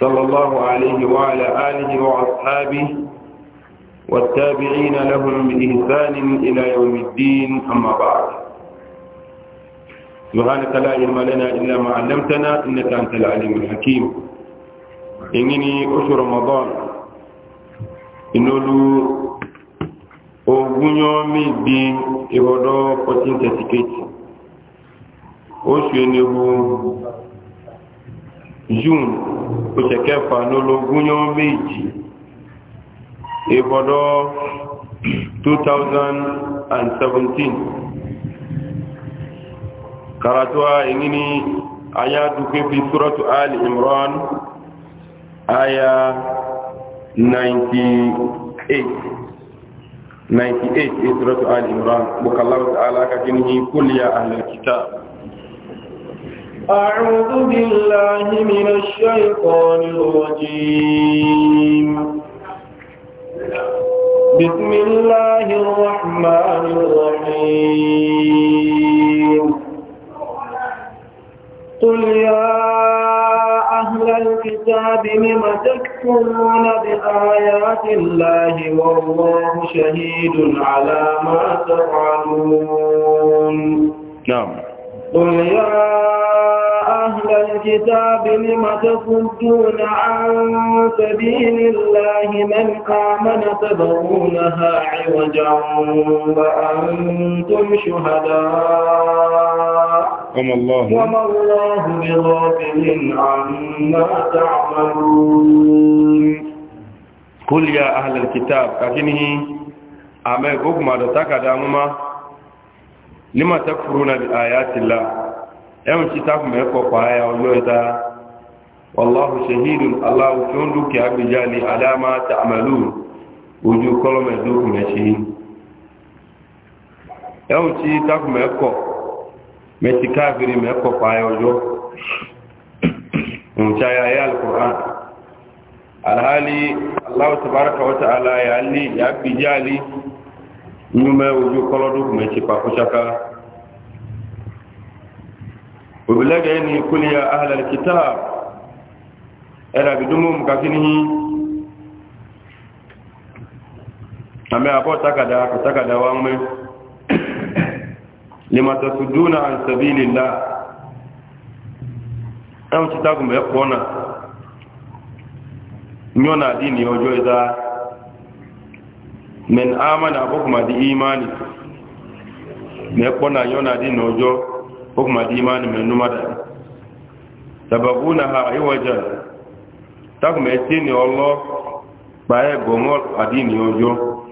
صلى الله عليه وعلى آله وأصحابه والتابعين لهم بإحسان إلى يوم الدين أما بعد سبحانك لا علم لنا إلا ما علمتنا إنك أنت العليم الحكيم إنني أشهر رمضان إنه ogun yomi bi ibodo 1438 oṣù ẹni ogun june oṣù kẹfà lọ́lọ́gún yọ méjì ìbọ̀dọ̀ 2017 karatuwa ìní aya dúkẹ́ fi suratu ali imran aya 98 98 suratu ali imran bukallahu ta'ala ka kini kulliya ahlul أعوذ بالله من الشيطان الرجيم بسم الله الرحمن الرحيم قل يا أهل الكتاب لم تكفرون بآيات الله والله شهيد على ما تفعلون نعم قل يا أهل الكتاب لم تصدون عن سبيل الله من آمن تبغونها عوجا وأنتم شهداء وما الله بغافل عما تعملون قل يا أهل الكتاب أكنه أمي يقوم ماذا تكدامما lima takfuruna bi ayatillah ẹ̀hùn sí tákù mẹ́kọ̀ pàáyà ọjọ́ ìta wallahu shahidun allahu tí ó ń dúkì agbèjá ní adama ta'amalu ojú kọlọmẹ̀ dúkù mẹ́ṣí ẹ̀hùn sí tákù mẹ́kọ̀ mẹ́ṣí káàkiri mẹ́kọ̀ pàáyà ọjọ́ ìhùnṣáyà yà alkùnrin alhali allahu tabaraka wata ala ya gbèjá ní nyume ojú kọlọ́dún kùmẹ̀ ṣe pàkó ṣaka òbílẹ́gẹ̀ ní kúlíyà ahàlẹ̀ kìtà ẹ̀rà bìdúnmù mùkàkí ní àmì àbọ̀ takàdá kò takàdá wa wangme lima tasuduna àǹsàbí lèlá ẹ̀hùn títàkùnmẹ̀ pọ̀nà nyọ́nà dí ní ọjọ́ za men amana okuma di imani me kpona yona di nojo okuma di imani men numada tabaguna ha iwaja takuma etini olo bae gomol adini ojo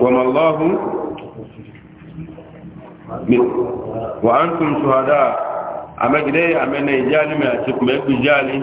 wama allahu wa antum shuhada amegide amene ijali me atikumegbe ijali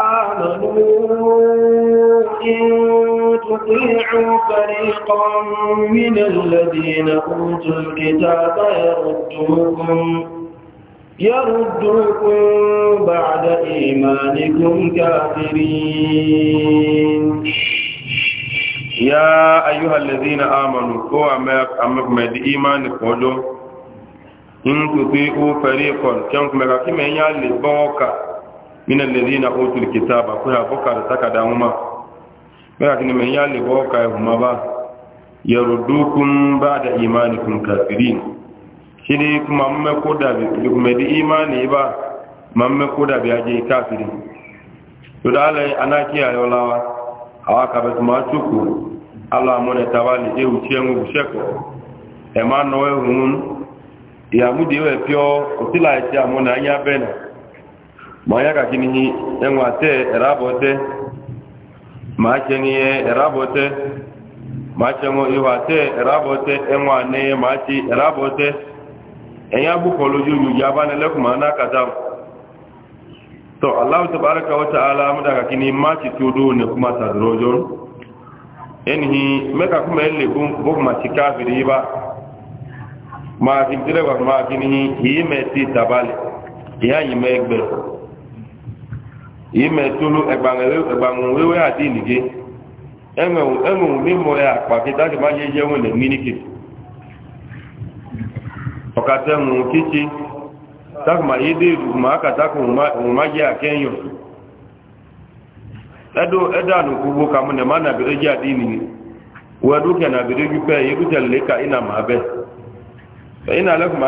إن تطيعوا فريقا من الذين أوتوا الكتاب يردوكم يردوكم بعد إيمانكم كافرين يا أيها الذين آمنوا كو أمك أمك مد إيمان قولوا إن تطيعوا فريقا كم مكاكي من يالي بوكا min alladhina utul kitaba ko ha boka da takada huma mera kin men yalle boka huma ba yarudukum ba'da imanikum kafirin shine kuma mamme ko da bi kuma di imani ba mamme ko da bi aje kafiri to da alai anaki ayolawa awaka ba kuma chuku ala mone tabali e uchiengu busheko e ma no e hun ya mudi we pio otila e ti amona anya bena ma ya ka kini enwa te erabote ma cheni ye erabote ma chenwo iwa te erabote enwa ne ma chi te enya bu ko loju yu ya ne leku ma na kata to allah tabaaraka wa ta'ala mu daga kini ma chi tudu ne kuma ta rojo enhi meka kuma elle bu bu ma chi kafiri ba ma kin dire wa ma kini hi me ti tabale ya yi me gbe ime tolu egbanwewe adini gị enwenwu mimụ ya akpa kịta gị maji eji enwe na-eminike ọkata enwenwu kichi takuma yi de ma aka takuma ma ji akenyo edo edo anu kubo na bere ju pe yi rute le ka ina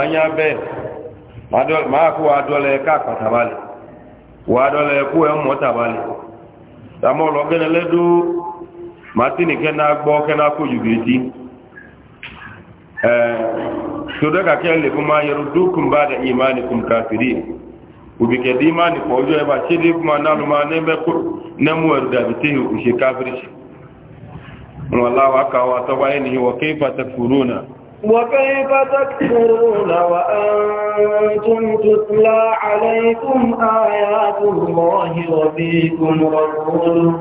anya be ma do ma ku adole ka wàdọ́lẹ̀ ẹkú ẹ mọ́ tàbálẹ̀ tàmọ́ ọlọ́gẹ́nẹ́ lẹ́dú martini kẹ́nà gbọ́ kẹ́nà kó jù gẹ̀ẹ́jì tòdọ́kà kẹ́ lè fún máa yẹrù dúkùn bá dẹ̀ ìmáni kùn káfìrí òbíkẹ̀ dí ìmáni pọ̀ ọjọ́ ẹbà ṣe dé kúmà nálù máa nẹ́mú ẹ̀rù dàbí tí òṣè káfìrí ṣe wọn láwàá káwà tọ́báyé nìyí wọ kéfà tẹ fúrúnà وكيف تكفرون وأنتم تتلى عليكم آيات الله وفيكم رسول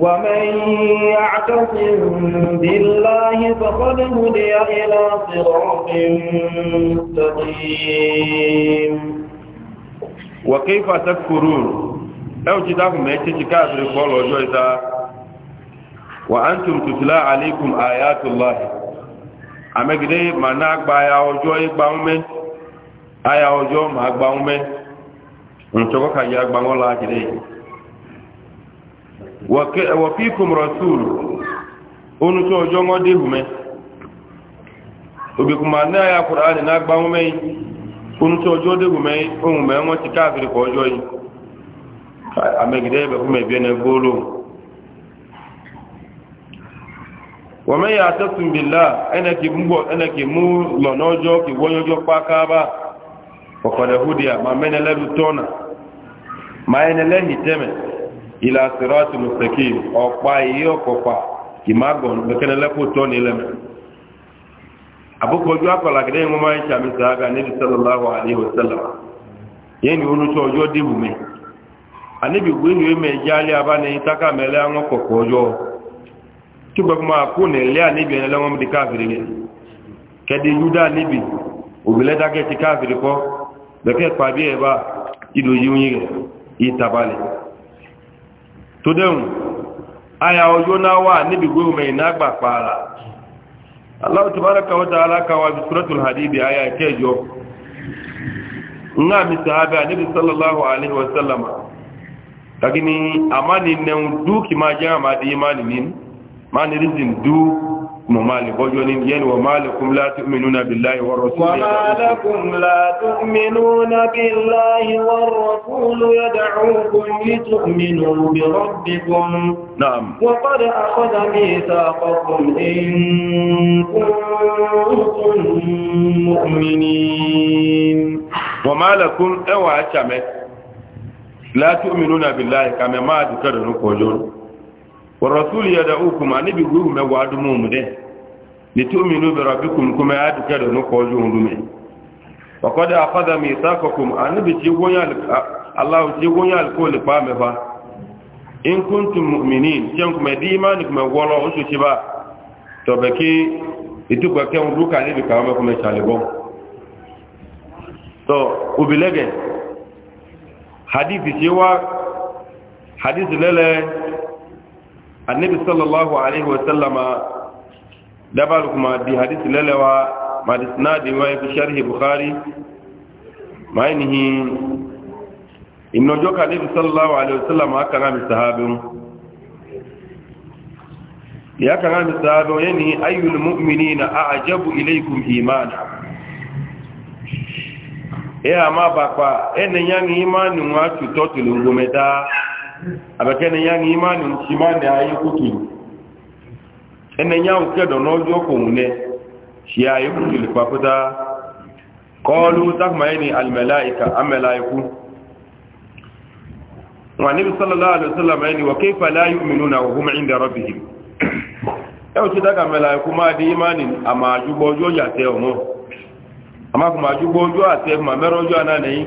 ومن يعتصم بالله فقد هدي إلى صراط مستقيم وكيف تكفرون أو جداكم يتجي كافر قول وجوه وأنتم تتلى عليكم آيات الله amegide ma na-agba ya ọjọọ ịgba ume ọjọọ ma agba ume nchọkọ ka ya agbanwụla jide wọfikum rasul onu tó ọjọ́ wọn dé hume òbí kuma na àyà kura á ní n'agba wọn mẹ́yìn onu tó ọjọ́ dé hume ohun mẹ́wọ́n ti káàkiri ومن يعتصم بالله انا كي مو انا كي مو لونوجو كي وونوجو باكابا فقد هدي ما من لا تونا ما ان لا هتم الى صراط مستقيم او باي يوكوبا كي ما غون بكن لا كوتون لم abuko ju akola gede mo mai cha mi saga ni sallallahu alaihi wasallam yeni onu to ojo dibu mi anibi gbe ni me jale abane taka mele an kokko ojo tuba kuma ko ne lea nibi ne lɔŋɔ di kafiri ne kɛdi yuda nibi obìnrin dake ti kafiri kɔ bɛkɛ kpabi yɛ ba ido yiwu yi kɛ yi taba le to dɛn aya ojo na wa nibi gbɛwo mɛ ina gba kpaala Allah. tubara kawo ta ala kawo bi suratul hadidi aya kɛjɔ nga mi sahabi anibi sallallahu alaihi wa sallama kagini amani nɛn duki ma jɛn amadi imani nini. معنى رزن دو ممالك وجنين ين وما لكم لا تؤمنون بالله والرسول وما لكم لا تؤمنون بالله والرسول يدعوكم لتؤمنوا بربكم نعم وقد أخذ ميثاقكم إن كنتم مؤمنين وما لكم أوعى لا تؤمنون بالله كما ما ذكرنكم وجنون ya da warasul yad'ukum anibi guru me wadumu mude litu'minu bi kum kuma yaduka da no koju hundume wa qad akhadha mithaqakum anibi jigonya Allah jigonya alkol pa me fa in kuntum mu'minin jan kuma di imani kuma wolo osu ci ba to beki itu ba kan ruka ne bi kama kuma chale bon to ubilege hadithi jiwa hadithi lele annabi sallallahu alaihi wasallama dabar kuma di hadisi lalawa ma da sinadi wa fi sharhi bukhari ma ainihi inna joka annabi sallallahu alaihi wasallama aka na mi sahabin ya kan ami sahabin yani ayyul mu'minina a'jabu ilaykum imana e ama bakwa enen yang imani wa tutotu lungumeda abẹ́kẹ́ ni yá ní ìmáni ti máa ní ayé kútù ẹni yá ń kẹ́dọ̀ lọ́jọ́ kòun nẹ ṣe ayé kútù lè pàpútà kọlu sáfàmáyé ni alìmẹ̀láìkà amẹ́láìkú wọn níbi sálàlá àlùsálàmà ẹni wọ kéfà láyé òmìnú na òhun mẹ́rin dẹ̀rọ bì í ẹ òṣì dága mẹ́láìkú máa di ìmáni àmà àjúgbọ́ ọjọ́ yàtẹ̀ ọ̀hún àmà kùmà àjúgbọ́ ọjọ́ àtẹ̀ màmẹ́rọ́jọ́ anáà nẹ́yìn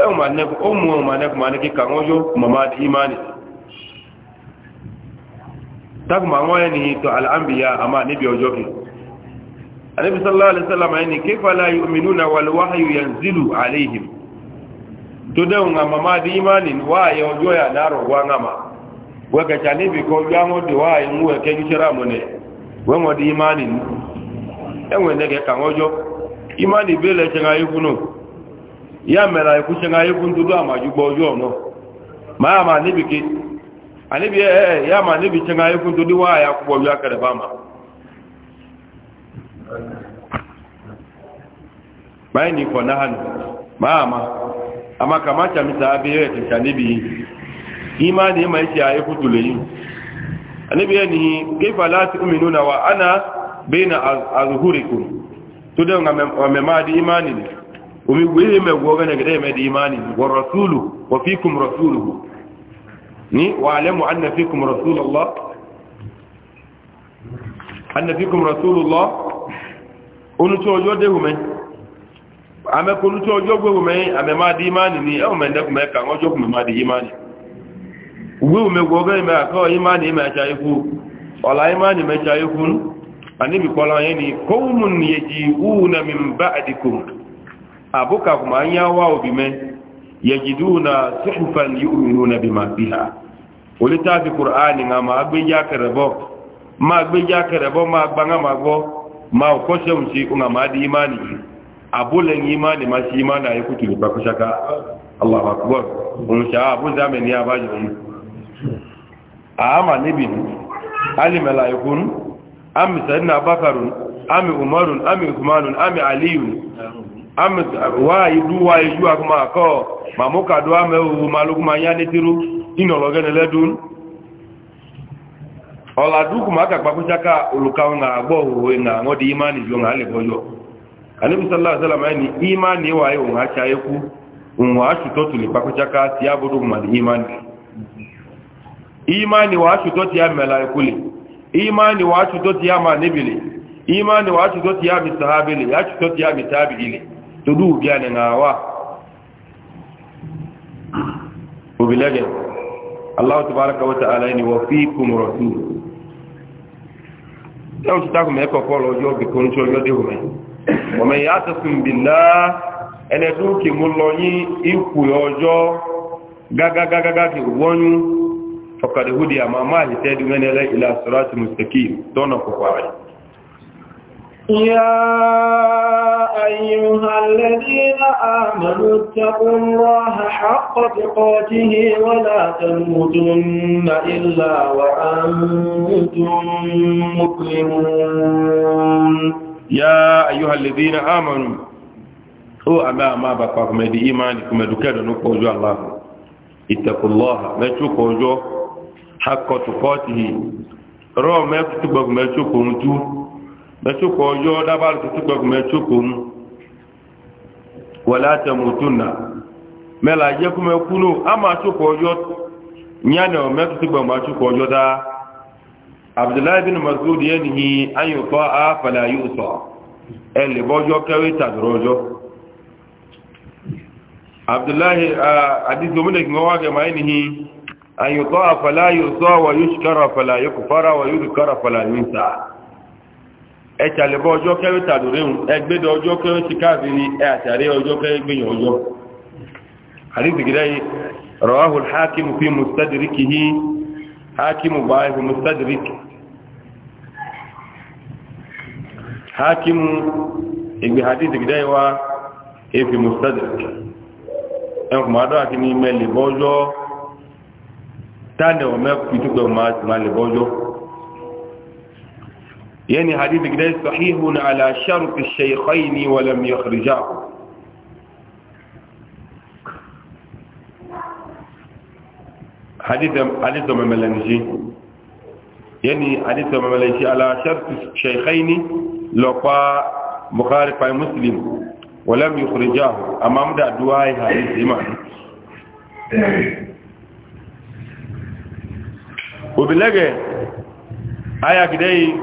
ẹ̀wọ̀n ma nẹ́kù ó mú ọmọ nẹ́kù ma ní kíkà wọ́n yóò mọ̀má ìmáni takùnmà wọ́n ẹni tó al'ambiya a máa níbi ọjọ́ kí alẹ́bí sallallahu alaihi wasallam ẹni kéfàlá yu'minuna wal wahyu yanzilu alaihim tó dẹ́wọ̀n a mọ̀má di ìmáni wáyé ọjọ́ yà dárọ̀ wá ngama wẹ́kẹ̀kẹ́ níbi kọ yáwọ́ di wáyé mú ẹ̀kẹ́ yíṣẹ́ra mọ̀nẹ̀ wẹ́wọ̀n ya mere anyị kwụchina egwu ndụlu amajugbo ọjọọ nọ ma eh, eh, ya ma anibike anibi ee ya ma anibichina ya akwụkwọ ọjọọ akarịba ama ma anyị n'ikọ na ha nọ ma ama ama ka ma chamita abịa ihe kecha anibi ime a ma ịma ya n'ihi na wa ana umigwe megwoga na gade mai imani wa rasulu wa fikum rasuluhu ni wa alamu anna fikum rasulullah anna fikum rasulullah onu to ojo de hume ame ko to ojo gwe hume ame ma di imani ni e o me ndak me kan ojo kuma ma di imani uwe ume gwoga me aka o imani me acha iku ola imani me acha iku ani bi kola yen ni qawmun yaji'una min ba'dikum abuka kuma an yawa obi me yajiduna suhufan yu'minuna bima fiha olita bi qur'ani nga ma agbe ja kerebo ma agbe ja kerebo ma gbanga ma gbo ma ko se unsi nga ma di imani abule ni imani ma si imani ayi kutu ba kushaka allahu akbar unsha abu zamani ya ba jini ama nabi ali malaikun am sayyidina bakarun am umarun am uthmanun am aliyun wáyé dú wáyé yú akọmọ akọ́ màmúkàdó amẹ́wòwò malógún ma yá ní tírú ìnàlọ́gẹ́ni lẹ́dún ọ̀làdúkù máa kàpàkúṣáká olùkàwọn àgbọ̀ òwò ìnà imani jù ọ̀nà alẹ́bọ̀yọ̀ alẹ́bùsọ́lá àṣẹ́làmà imani wáyé òun àṣà ayékú òun àṣùtọ́ tù lè pàkúṣáká tí a imani imani wa àṣùtọ́ tí a mẹ́la ẹkúlẹ̀ imani wa àṣùtọ́ tí a máa níbìlẹ̀ imani wa àṣùtọ́ tí a mi sàábìlẹ̀ àṣùtọ́ todu biane ngawa ubilege Allah tbaraka wa taala ni wa fiikum rasul law tutaku meko polo yo bi koncho yo de hume wa man yatasim billah ene duki muloyi iku yojo gaga gaga gaga wonu faqad hudiya ma ma hitadu menele ila sirati mustaqim tona ko fa'i يا أيها الذين آمنوا اتقوا الله حق تقاته ولا تموتن إلا وأنتم مسلمون يا أيها الذين آمنوا هو أما ما بقاك ما بقاكم بإيمانكم دكاد نقوجوا الله اتقوا الله ما تقوجوا حق تقاته رو ما تقوجوا ما تقوجوا mẹ́tsókò ọjọ́ dábàlù tó túgbà kò mẹ́tsókò mu wọlé àtẹmùtúnà mẹ́la yẹ kó mẹ́kúnú ama tsókò ọjọ́ nyánà mẹ́tò túgbà má tsókò ọjọ́ dá abdullahi bin masoud yẹn nìyí ayọ̀fọ́ àfàlẹ́ ayọ̀sọ̀ ẹ lè bọ́jọ́ kẹwé tàdúrọ̀ ọjọ́ abdullahi adizi ominaki ŋa waa gẹ̀mà yẹn nìyí ayọ̀tọ́ àfàlẹ́ ayọ̀sọ̀ wà yóò sikara àfàlẹ́ ayọ̀kọ̀fara wà yóò dùkara ẹ̀tàlẹ̀bọ́ ọjọ́ kẹrẹ́ tàdúréhùn ẹgbẹ́dọ̀ ọjọ́ kẹrẹ́ ti káàkiri ẹ̀tàrẹ́ ọjọ́ kẹrẹ́ gbìyàn ọjọ́ àríṣìgídáyé rọ̀wáhùn hakimu fi mustadriki hí hakimu báyìí fi mustadriki hakimu ìgbè àríṣìgídáyé wá èfi mustadriki ẹnkùnmọ́dọ́ àti ní mẹ́lẹ̀bọ́jọ́ tánẹ̀wọ̀mẹ́ يعني حديث كده صحيح على شرط الشيخين ولم يخرجاه حديث حديث مملنجي يعني حديث مملنجي على شرط الشيخين لقى بخاري في مسلم ولم يخرجاه امام ده دعاء حديث امام وبلغه آية كده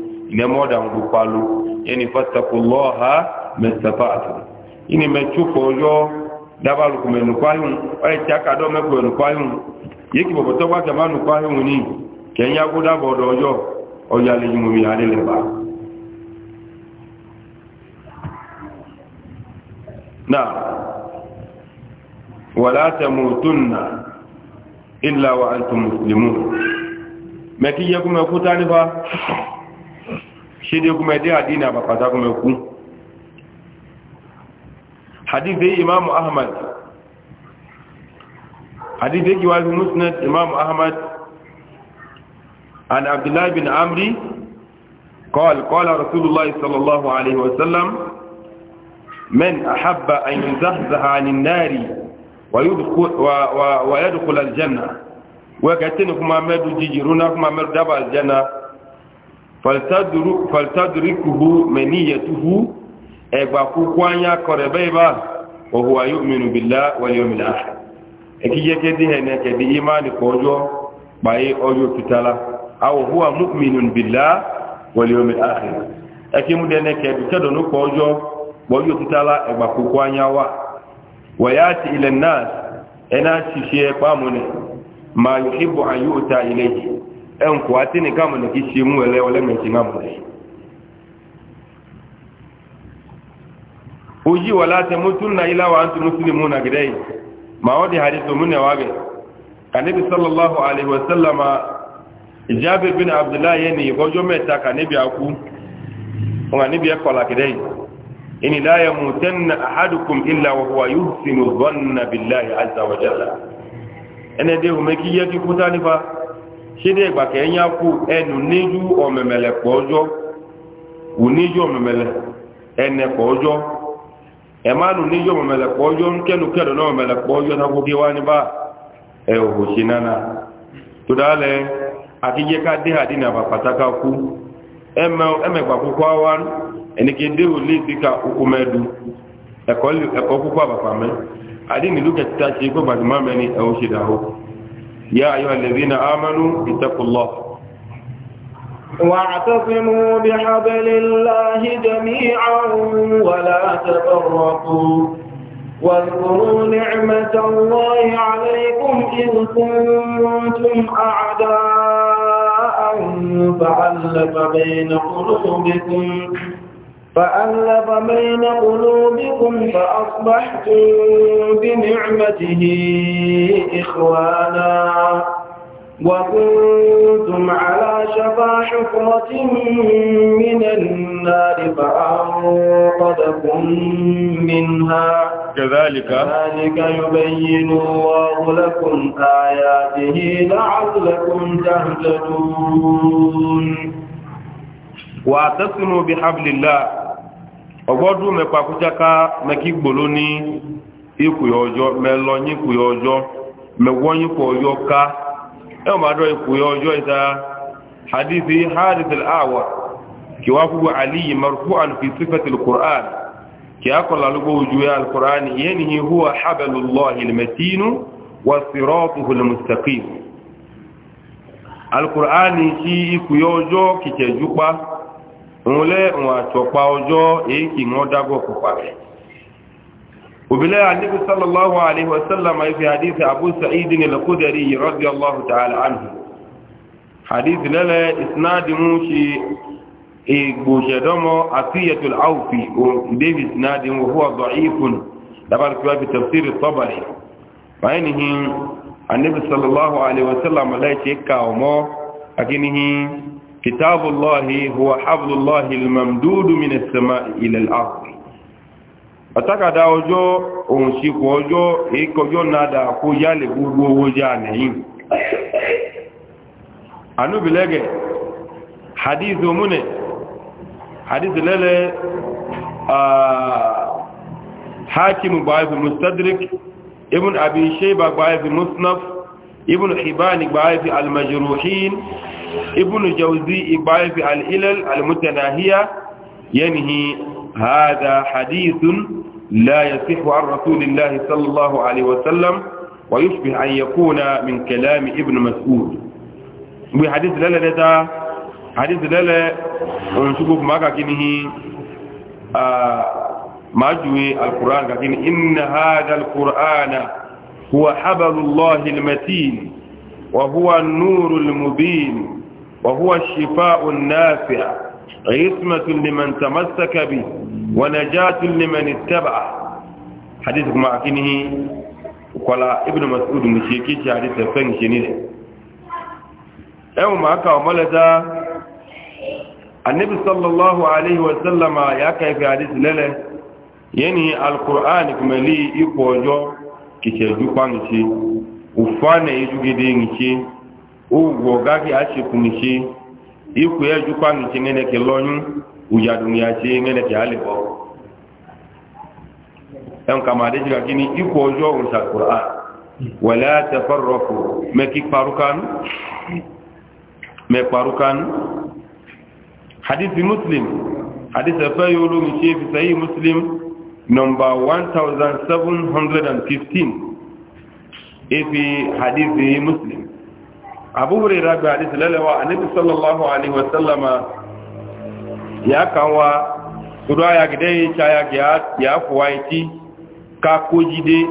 nẹ́mọ́dà ń gbò palu me fásitàkù lọ́ha mẹ́sàfáàtù ìní mẹ́tsùkọ̀ ọjọ́ dábàlùkù mẹ́nukọ́yún ọ̀yẹ́ tí a kà dọ́ mẹ́kù mẹ́nukọ́yún yìí kì bọ̀bọ̀tọ́ bá jàmá nukọ́yún ní kẹ́nyàgó dábọ̀dọ̀ ọjọ́ ọjọ́ alẹ́ yìí mú mi alẹ́ lẹ́bàá نعم ولا تموتن إلا وأنتم مسلمون ما كي يكون يكون تاني shede kuma dai adina ba fata kuma ku ahmad ahmad an bin amri قال قال رسول الله صلى الله عليه وسلم من أحب أن يزحزح عن النار ويدخل, و و ويدخل الجنة وكتنكم أمد جيجرونكم أمد دبع الجنة faltadrikuhu maniyatuhu egba kukwanya korebeba wa huwa yu'minu billahi wal yawmil akhir ekije kedi hene kedi imani kojo baye ojo kitala aw huwa mu'minun billahi wal yawmil ẹnkọ àti nìkan mọ̀ nìkí ṣe mú ẹlẹ́ ọlẹ́mẹ̀tì máa mọ̀ ẹ̀. ojí wà láti mútún na ilá wa ń tu mùsùlùmí na gidẹ́ yìí ma ọ́ di hadithu múnẹ̀ wá gẹ̀ kanibi sallallahu alaihi wa sallama ìjábẹ̀ bin abdullahi yẹn ni ìkọjọ́ mẹ́ta kanibi akú wọn kanibi ẹ kọlà gidẹ́ yìí ìní láyé mu tẹ́nà àhádùkùm ilà wà wà yóò sinú zọ́nà bìláyé azza wa jalla ẹnẹ́dẹ́ hùmẹ́kí yẹ kí kúta nípa sede gba ka enya kwu enu n'iju omemele kpa ọjọọ wu n'iju emanu n'iju omemele kpa nke nkenu na omemele kpa ọjọọ na kwugi wani ba ehoho si nana todale akije ka de ha di na ba pataka gba awa enike de ole bi ka du. ẹkọ kwukwa adi nilu kẹtita se يا أيها الذين آمنوا اتقوا الله واعتصموا بحبل الله جميعا ولا تفرقوا واذكروا نعمة الله عليكم إذ كنتم أعداء فعلق بين قلوبكم فألف بين قلوبكم فأصبحتم بنعمته إخوانا وكنتم على شفا حفرة من النار فأنقذكم منها كذلك كذلك يبين الله لكم آياته لعلكم تهتدون واعتصموا بحبل الله ọgbọ́dún mẹ́pa kújáká mẹ́kí gbòló ní ikùyọ̀ ọjọ́ mẹ́lọ ní ikùyọ̀ ọjọ́ mẹ́wọ́ ní ikùyọ̀ ọjọ́ ká ẹwọ́n máa dọ́ ikùyọ̀ ọjọ́ ìta hadithi hadith al'awa kí wá fúgbà aliyu marufu alfi sifat al-qur'an kí a kọ̀lá lọ́gbọ́ ojú ya al yẹn ni huwa habalullahi al-matinu wa siratuhu al-mustaqim al-qur'an shi ikùyọ̀ ọjọ́ kìkẹ̀jú pa nwole nwa chọkpa ọjọọ eki nwa dago kwụkwara obìnrin anibi sallallahu alaihi wasallam ife hadithi abu sa'id ne lakudari radiyallahu ta'ala anhu hadithi lele isnadi e mu shi igbo shedomo asiyatul aufi o david isnadi wa huwa da'ifun dabar كتاب الله هو حبل الله الممدود من السماء إلى الأرض أتاكا داوجو أنشيكو وجو إيكو جو نادا أكو يالي أولو وجانهين أنو بلغي حديث مني حديث للي آه حاكم باي في مستدرك ابن أبي شيبة باي في مصنف ابن حبان إقبائي في المجروحين ابن جوزي إقبائي في الإلل المتناهية ينهي هذا حديث لا يصح عن رسول الله صلى الله عليه وسلم ويشبه أن يكون من كلام ابن مسعود بحديث لا لا حديث لا لا ونشوف معك كنه آه ما جوي القرآن كن إن هذا القرآن هو حبل الله المتين وهو النور المبين وهو الشفاء النافع عصمة لمن تمسك به ونجاة لمن اتبعه حديثكم مع كنه وقال ابن مسعود مشيكي حديث الفن شنيد يوم أكا وملدا النبي صلى الله عليه وسلم يا كيف حديث لله ينهي القرآن كما لي يقول kìtẹ̀jú pàǹtí òfánà ìdúgidé nìṣe òwò gági àṣekù nìṣe ikú ẹjú pàǹtí ńẹ́nẹ̀kẹ́ lọ́yún òyàdùnìyàṣe ńẹ́nẹ̀kẹ́ àlẹ́bọ̀ ẹnkà máa déjìká kí ni ikú ọjọ́ òǹṣàkùrà wẹ̀lẹ́ àtẹfọ́rọ̀fù mẹ́kí parukánú mẹ́parukánú hadith muslim hadith ẹ̀fẹ́ yóò lómi ṣe fi sẹ́yìn muslim number 1715 ifi hadithi muslim abu hurairah bi hadith lalawa annabi sallallahu alaihi wasallama ya kawa kudu aya gide cha ya gya ya fuwaiti ka kojide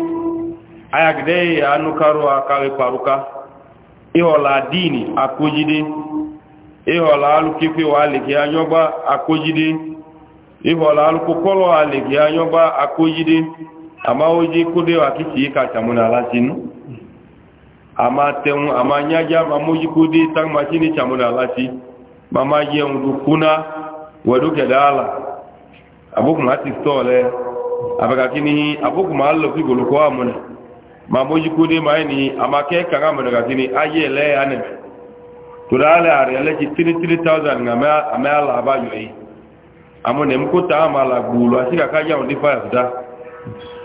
aya gide ya nukaru akawe paruka ihola dini akojide ihola alukifi wa aliki anyogba akojide ihọla alụkụ kọlọ alị gị anyọba akụjide amaoji kụde akịkị ka chamụ na alatin ama tenwu ama nyaja mamoji kụde tamachini chamụ na alati mama jẹun dukuna wẹdukẹdẹ ala abokuma ti sọọlẹ abakakini abokuma alọfi golokọ amuna mamoji kụde maini amakẹ kanga amuna kakini ayẹ lẹ anẹmẹ tura alẹ arẹ lẹ ti tiri tiri thousand nga mẹ ala abayọ yìí àmọ́ nẹ̀mú kó ta àmà àlàgbòòlò àti kàkà yàwó ní fàyà fúdá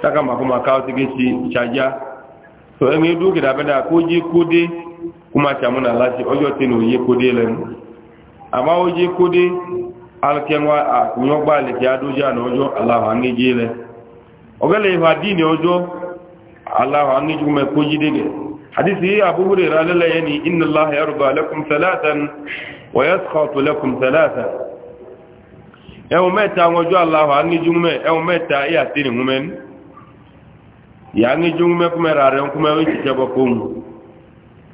tákà màkúmà ká ti gé ṣe ìṣàjá tó ẹni dúkìdá bẹ́dà kó jí kódé kó máa ṣàmúnà láti ọjọ́ tí ní òye kódé lẹ́nu àmá ó jí kódé alkẹwà àkúnyọ́gbà lẹ́kẹ́ adójá ní ọjọ́ aláwọ̀ aníjé lẹ ọgẹ́lẹ̀ ìfà dí ní ọjọ́ aláwọ̀ aníjú mẹ́ kó jí dégẹ̀ àdísí àbúrò ìrànlẹ́lẹ́yẹ ni inna láhẹ̀ ẹrùbà ẹ̀wọ̀n mẹ́ta wọjọ́ aláwọ̀ aníjúmẹ́ ẹ̀wọ̀n mẹ́ta yà sí ni húnmẹ́ ní yà aníjúmẹ́ kúmẹ́ rà rẹ̀ kúmẹ́ wọ́n ti jẹ́bọ̀ kó mu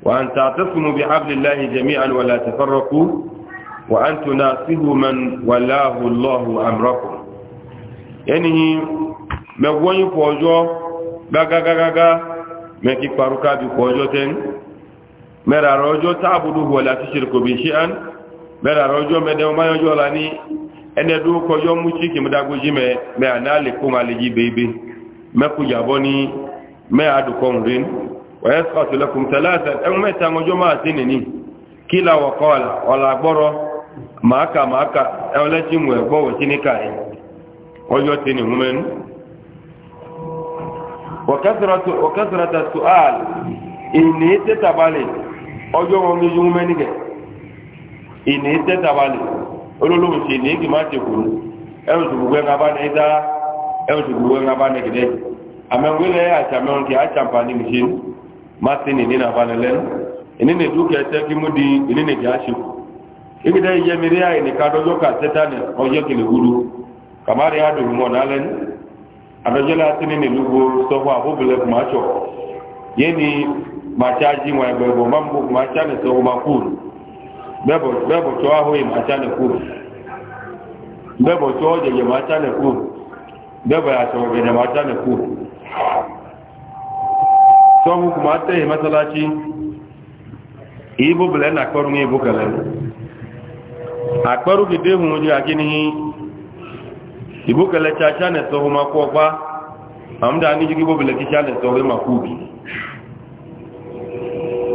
wà ń ta tó fún mu bí abdullahi jami alwala ti farraku wà ń tuna síhu man wàláhu lọ́hu amraku ẹni mẹ́wọ́nyí pọ̀jọ́ gágágágá mẹ́kí paruka bí pọ̀jọ́ tẹ́ mẹ́rà rọ̀jọ́ táàbùdù wọ̀lá ti ṣe mẹ́rà rọ̀jọ́ mẹ́dẹ̀wọ́n máyọ́jọ́ la ní ene do ko yo mu chi kim da go ji me me ana le ko ma le ji bebe me ku ja bo ni me adu ko rin wa yasqatu lakum thalatha aw ma ta ngojo ma tinini kila wa qala wala gboro maka maka e le ti mu e gbo wo ti ni kai ojo tini mu men wa kathratu wa kathratu su'al inni tatabali ojo wo mi ju men ge inni tatabali olólùwò ṣe ní ìgbì máa ṣe kùrù ẹ̀rù tó gbogbo ẹ̀ngá bá ní ìdá ẹ̀rù tó gbogbo ẹ̀ngá bá ní ìdẹ́ àmẹ́wẹ́lẹ́ àṣàmẹ́rún kí àṣàmpa ní mi ṣe má sí ní nínú àbá lẹ́nu ìní ní dúkẹ́ ẹ̀ṣẹ́ kí mú di ìní nìjẹ́ àṣekù ìgbìdẹ́ iye mi rí àìníká dọ́jọ́ kà tẹ́tà ní ọjọ́ kìlẹ̀ wúlú kàmárí àdùnnú mọ̀ nálẹ́ ní àdọ́jọ́ láti ní nílùú gbó sọ́fọ́ àbúbulẹ̀ kùmáṣọ̀ yé ni màṣáájì wọn ẹgbẹ̀rún mọ́ bẹ́ẹ̀bọ̀ tó áhó ìmáṣálẹ̀kú bẹ́ẹ̀bọ̀ tó ọjẹ̀yẹ̀ máṣálẹ̀kú bẹ́ẹ̀bọ̀ àṣọ̀gẹ̀dẹ̀ máṣálẹ̀kú tọ́hún kù máa tẹ́yìn mọ́sálásí ìbò bẹ̀lẹ̀ nà kọrùn ìbò kẹlẹ̀ àkọrù gidé hùn ojú àkíníhí ìbò a ṣáṣánẹ̀ tọ́hún máa kọ́ ọpá àmúdá ní jígbó bẹ̀lẹ̀ kí ṣánẹ̀ tọ́hún máa kú bìí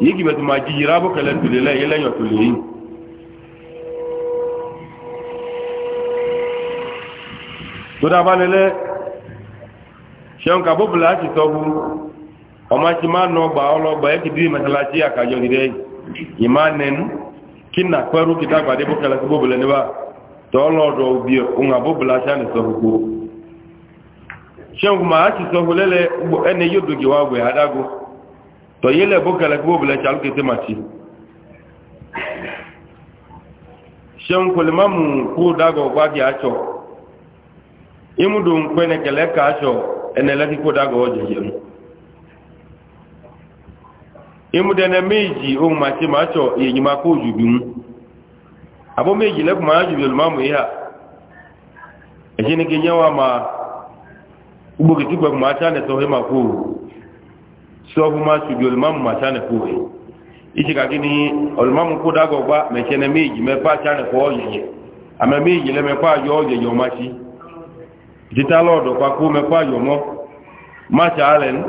yigi bɛ tuma ji yira bɔ kɛlɛ tule la yɛlɛ ɲɔ tule yi todaba ne lɛ sɛŋ ka bɔ bila ti tɔbu ɔma ti ma nɔ gba ɔlɔ gba eki di masalasi a ka jɔ di dɛ ima nɛnu kina kpɛru kita gba de bɔ kɛlɛ ti bɔ bila ne ba tɔlɔ dɔ bi ŋa bɔ bila sani tɔbu ko sɛŋ kuma a ti tɔbu lɛ lɛ ɛnɛ yɔ dogi wa gbɛ adago. Tọ yele bo kɛlɛ k'o bila cɛ alu kete ma ti sɛnkolima mu k'o dagɔ gba k'i atsɔ imu don kpɛnɛ kɛlɛ k'a tsɔ ɛnɛ lɛ k'o dagɔ ɔdzɛdzɛ mu imu dɛnɛ meji o ma ti ma tsɔ jubi mu Abụ meji lɛ ma ya jubi olima mu wa ma ugbo kiti gbɛ kuma atsa nɛtɔ ma sɔɔbu ma sudi olumamu ma ca ne ko ye isi ka kini olumamu ko dagɔ gba mɛ tiɲɛ mi yi mɛ pa ca ne ko yeye ame mi yi lɛ mɛ pa yɔ yeye o ma si tita lɔ dɔ pa ko mɛ pa yɔ mɔ ma ca alɛ nu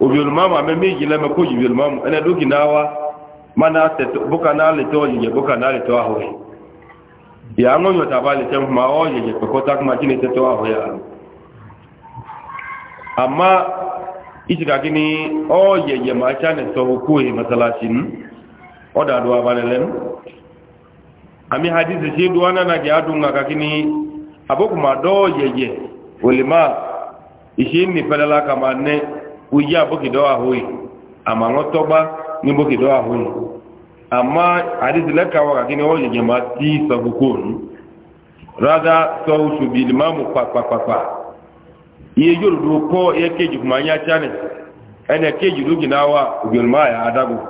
obi olumamu ame mi yi lɛ mɛ ko yi olumamu ɛnɛ do kina wa ma na tɛ tɔ bo na le tɔ yeye bo na le tɔ awɔ ye ya ŋɔ yɔ taba le tɛ kuma ɔ yeye pɛkɔta kuma ti ne tɛ tɔ awɔ ama ichika kini oyeye ma chane to kuhi e masalashin oda duwa balelen ami hadisi shi duwana na ki adunga kakini aboku ma do yeye ulima ishi ni pelala kama ne uyi aboki doa hui ama ngotoba ni boki doa hui ama hadisi leka wa kakini oyeye ma ti sahukun rather so should be limamu kwa kwa kwa kwa iye yorùbá kọ́ iye kéjì kùmà ń yá tíánì ẹnẹ kéjì ló gìnà wá ògbèlùmá àyà adágún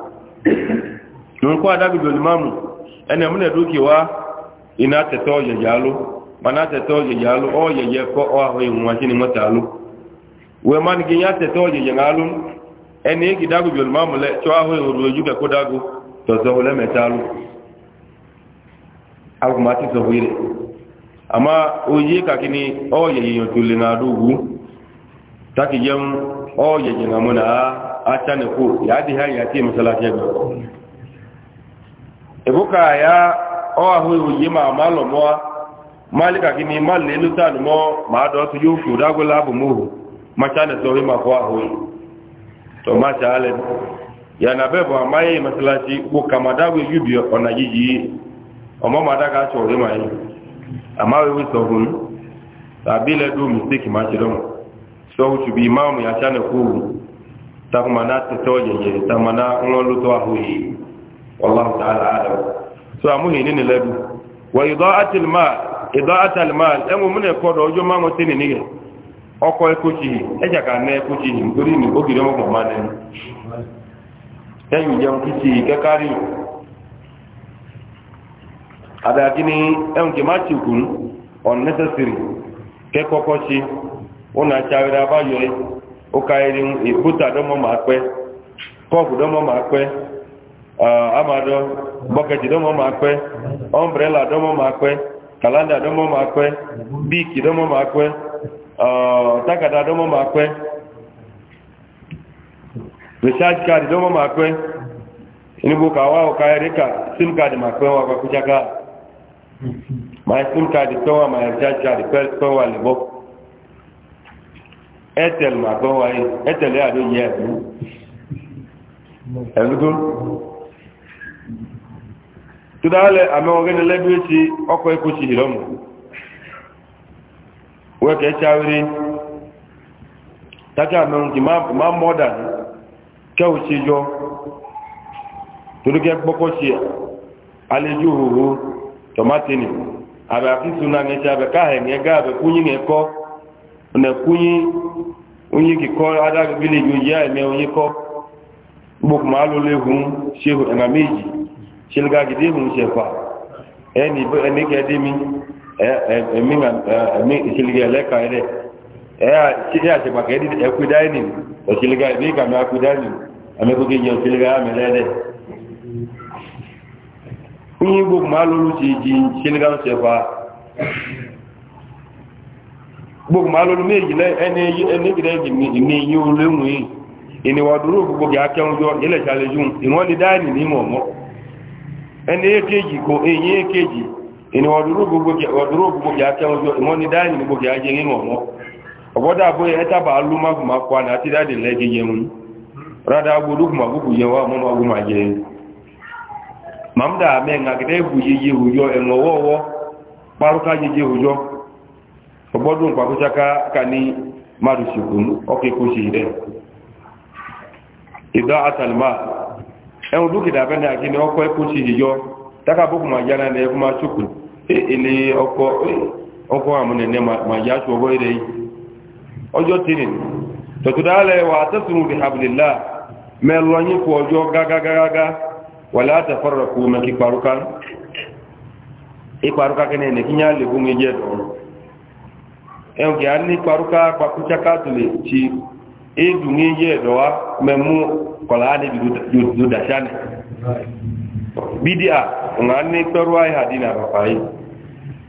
lórúkọ adágún ògbèlùmá mù ẹnẹ múnẹ̀ dókè wá iná tẹ̀tọ́ yẹ̀yẹ̀ aló mana tẹ̀tọ́ yẹ̀yẹ̀ aló ọ yẹ̀yẹ̀ kọ́ ọ àwọn ìwọ̀n àti ìwọ̀n tẹ̀ aló wẹ́ẹ́ má nìkan yá tẹ̀tọ́ yẹ̀yẹ̀ aló ẹnẹ èkì dágún ògbèlùmá mù lẹ tọ́ àwọn ìwọ̀n ojú kẹ́kọ́ dágún tọ̀tọ̀ lẹ́mẹ̀ta aló àgùnmá kàkíní ọ yẹ̀yẹ̀ lè nà taki jẹun ọ yẹjẹ na muna, a ku ya dì ha yà tí masalafẹ́ gbà ìbúkà ya ọ ahú ìwòye ma ma lọ mọ́ malika kí ni ma lè ló tánù mọ́ ma dọ́ tó yóò fò dágbó láàbù mọ́hù ma tánà sọ wí ma fọ́ ahú yìí tọ́ ma ṣe alẹ́ yà nà bẹ́ẹ̀ bọ̀ àmá yẹ masalasi kó kàmá dágbé yúbi ọ̀nà yíyí ọmọ ma dá ká sọ orí ma yìí àmá wíwí sọ fún tàbí lẹ́dọ̀ mistake ma ṣe lọ́mọ́ sɔhutu bi maamu ya ca ne kuuru takuma na tɛtɛw yɛyɛ takuma na ŋɔlutɔ ahu yi wallahu ta'ala alam so amu yi ni ne lɛ du wa idɔ atil maal idɔ atil maal ɛŋo mu ne kɔ dɔ ojo maamu ti ne nige ɔkɔ ekotsi yi ɛdza ka nɛ ekotsi yi nítorí ni o gidi ɔmɔ ma nɛ ɛyin jɛun kisi kɛkari abɛ akini ɛŋo ona chawere abayoi ụkairi e buta domo ma kpe pọp domo ma kpe amado bọketi domo ma kpe ombrela domo ma kpe kalanda domo ma kpe biki domo ma kpe takada domo ma kpe recharge card domo ma kpe inigbo ka wa ụkairi ka sim card ma kpe nwa gbakwuchaka ma sim card kpewa ma recharge card kpewa lebo airtel ma gbọ́ wáyé airtel yà ló yẹ ẹ̀dú ẹ̀dúgbò tó dáálẹ̀ àmẹ́wọ̀gẹ́ni lẹ́bí ó ti ọkọ̀ ikú ti ìlọ́mù wẹ́kẹ̀ẹ́ cháwírí tákà àmẹ́wọ̀n kì máa mọ́dà kẹ́wù sí jọ torókẹ́ gbọ́kọ́ sí àlejò òhòhò tọmátìnì àbẹ̀ àfíìsù àbẹ̀ káàhẹ̀ kúnyìn ẹ̀kọ́ na kunyi onye kikọ adag vileji a eme onye kọ ma alụla ehu shehu emameji shilgagide ehu shekwa enikademi shilgele ka ere ya shekwa ka edi ekwidani oshilga ebe ka me akwidani amekoke nye oshilga ya mere ede onye gbokuma alụlu ji gbogbo ma lórí méjì lẹ́nìgìdẹ́ ìní olóhùn yìí ìníwà dúró gbogbo akẹ́wọ́jọ́ ilẹ̀ ga ìwọ́n lè dáìní ní mọ̀mọ́ ẹni èkejì kò èyí èkejì ìníwà dúró gbogbo akẹ́wọ́jọ́ ìwọ́n lè dáìní gbogbo ajé ní mọ̀mọ́ ọ̀gbọ́dá àbóyẹ ẹ́tàbà alúmọ̀gbọ̀mọ̀kwana àti dáàdì lẹ́gí yẹun rádá gbogbo yẹwà mọ́mọ́gbọ̀mọ̀ ajé mamda ọgbọ́dún pàkúṣáká ká ní márùsùkùn ọkẹ́ kó ṣe rẹ̀ ìdá àtàlùmá ẹ̀hùn dúkìdá bẹ́ẹ̀ àti ní ọkọ̀ ẹ̀kọ́ ṣe yíyọ tákà bókù yára ní ẹkùn máa ṣòkù ilé ọkọ̀ àmúnẹ̀nẹ̀ máa yá aṣọ ilẹ̀ yìí ọjọ́ tìrì tọ̀tùdálẹ̀ wà tẹ́sùn mẹ́lọ́yìn ọjọ́ gágágágá wà kú mẹ́kí ẹ̀ọ̀gẹ̀ a ní parúká pàkúṣáká tó lè ṣe éèdù ní yẹ́ ẹ̀dọ̀ wá mẹ́mú kọ̀lá ní ìdòdàṣánì bídíà ǹgá ní pẹ́rú àìhàdí nà bàbá yìí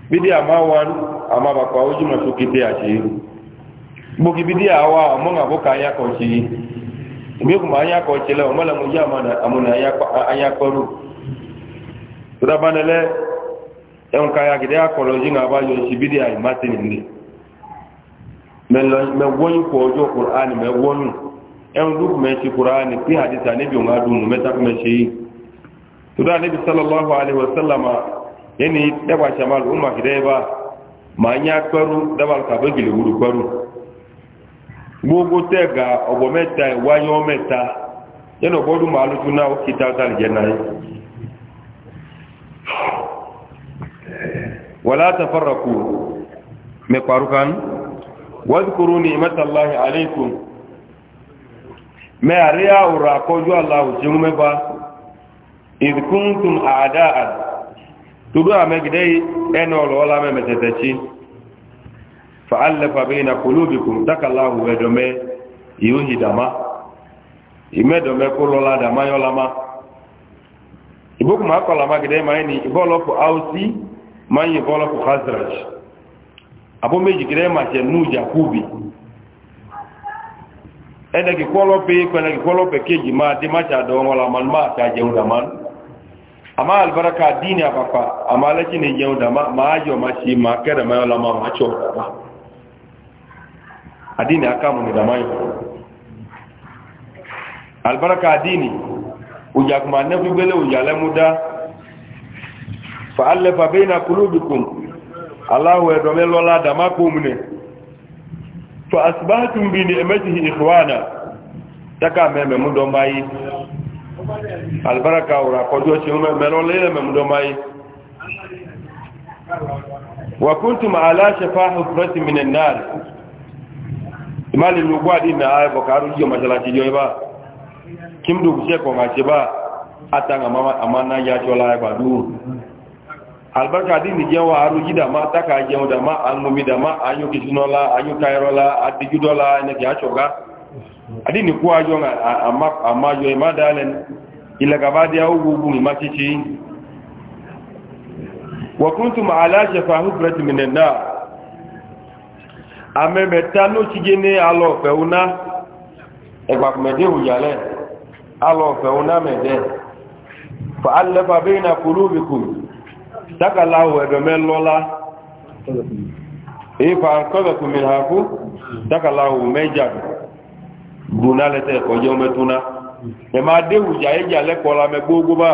bídíà máa wà àmà bàbá ojú mọ̀ sókè tẹ́ àṣẹ yìí gbogbo bídíà wà àmọ́ àbúkà ayákọ̀ ṣe yìí ìgbékùn ayákọ̀ ṣe lẹ́wọ̀n mọ́lẹ̀ mo yá àmúnà ayákọ̀rù tó dábánilẹ́ ẹ̀ǹkà mɛwɔnyi kɔ ɔjɔ kur'ani mɛwɔnyi ɛn du kun bɛ si kur'ani ti hadisa ne bi o ŋa dunu mɛ ta kun bɛ si yi tura ne bi sallallahu alaihi wa sallama yanni daba caman o ma kidɛ ba maa n y'a kpɛru daba ka bɛ gele wuru kpɛru gbogbo tɛ ga ɔbɔ mɛ ta ye mɛ ta yanni o bɔ du maalu tun na o kita ta lijɛ na ye wala tafaraku mɛ kparu kan. واذكروا نعمة الله عليكم ما ريا وراكوجو الله جمع با إذ كنتم أعداء تدعى مجدي أنو الولا ممتتشي فألف بين قلوبكم تك الله ودمي يوهي دما imedome kulola dama yolama ibukuma akola magide maini ibolofu ausi manyi ibolofu khazraj abọ́ méjì kìrẹ́ ma ṣe nú jakubi ẹnẹ́kì pe pẹ̀lẹ́kì kọ́lọ́pẹ́ kéjì máa dé má ṣàdọ̀ wọn la ma máa ṣà jẹun dàmá àmá albaraka díni àpapà àmá alẹ́kì ni jẹun dàmá máa yọ ma ṣe ma kẹ́rẹ̀ mẹ́ ọlá ma ma ṣọ́ dàmá àdíni akámu ni dàmá yìí albaraka díni òjàkùmá nẹ́fúgbélé òjàlẹ́múdá fa alẹ́fà bẹ́ẹ̀ na aláwọ̀ ẹ̀dọ̀ mẹ́lọ́lá dàmákòmùnẹ̀ tó àsìbáàtù ń bí ní ẹmẹ́tì ìṣòwànà dákà mẹ́mẹ́ mú dọ́máyé albaraka òrà kọjú ọ̀ṣẹ́ mẹ́lọ́lẹ́ mẹ́mú dọ́máyé wà kúntùm aláṣẹfà ọ̀fúrẹ́sì mìnẹ̀ náà ìmáàlì lógún àdínà ààbọ̀kárú yíò màṣàlàṣì yọ ibá kí mú dòkúṣẹ́ kọ̀ albarka adini jẹun àárò yìí dàmá tákà jẹun dàmá àlùmí dàmá àyókèsínọ́lá àyókàírọ́lá àdíjúdọ́lá ẹnẹ̀kẹ̀ àṣọ̀gá adini kó ajọ́ àmáyọ ìmádàálẹ̀ ilẹ̀gàbádẹ́ ogun ìmá títí wọ̀kúntùm aláṣẹfà húbrẹ́tì mìnẹ̀dá amẹ́mẹ̀ta ló ti gé ní alọ́ọ̀fẹ́úná ẹgbàkùnmẹ̀dẹ́ òyàlẹ̀ alọ́ọ̀fẹ́úná mẹ̀dẹ́ fa alẹ́fà bẹ́ẹ̀ na kúrú takala ahụ edome lụla ịfa kọbekumiri ha kwụ takala ahụ meja bụ na leta ọjọọ metụna ẹ̀mà adéwùjà ẹjà kpọla mẹ́gbógóbá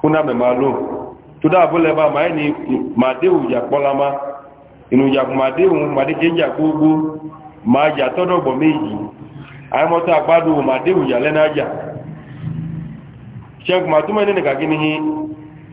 kúnná mẹ́mà ló tó dáàbò lẹ́bà máa ní ma adéwùjà pọ́lámá ìnùjà ma déhùn ma dékéjà gbogbo ma jà tọ́dọ̀gbọ̀ méjì àìmọ́tọ́ àgbádùn ma adéwùjà lẹ́nájà ma ka nínú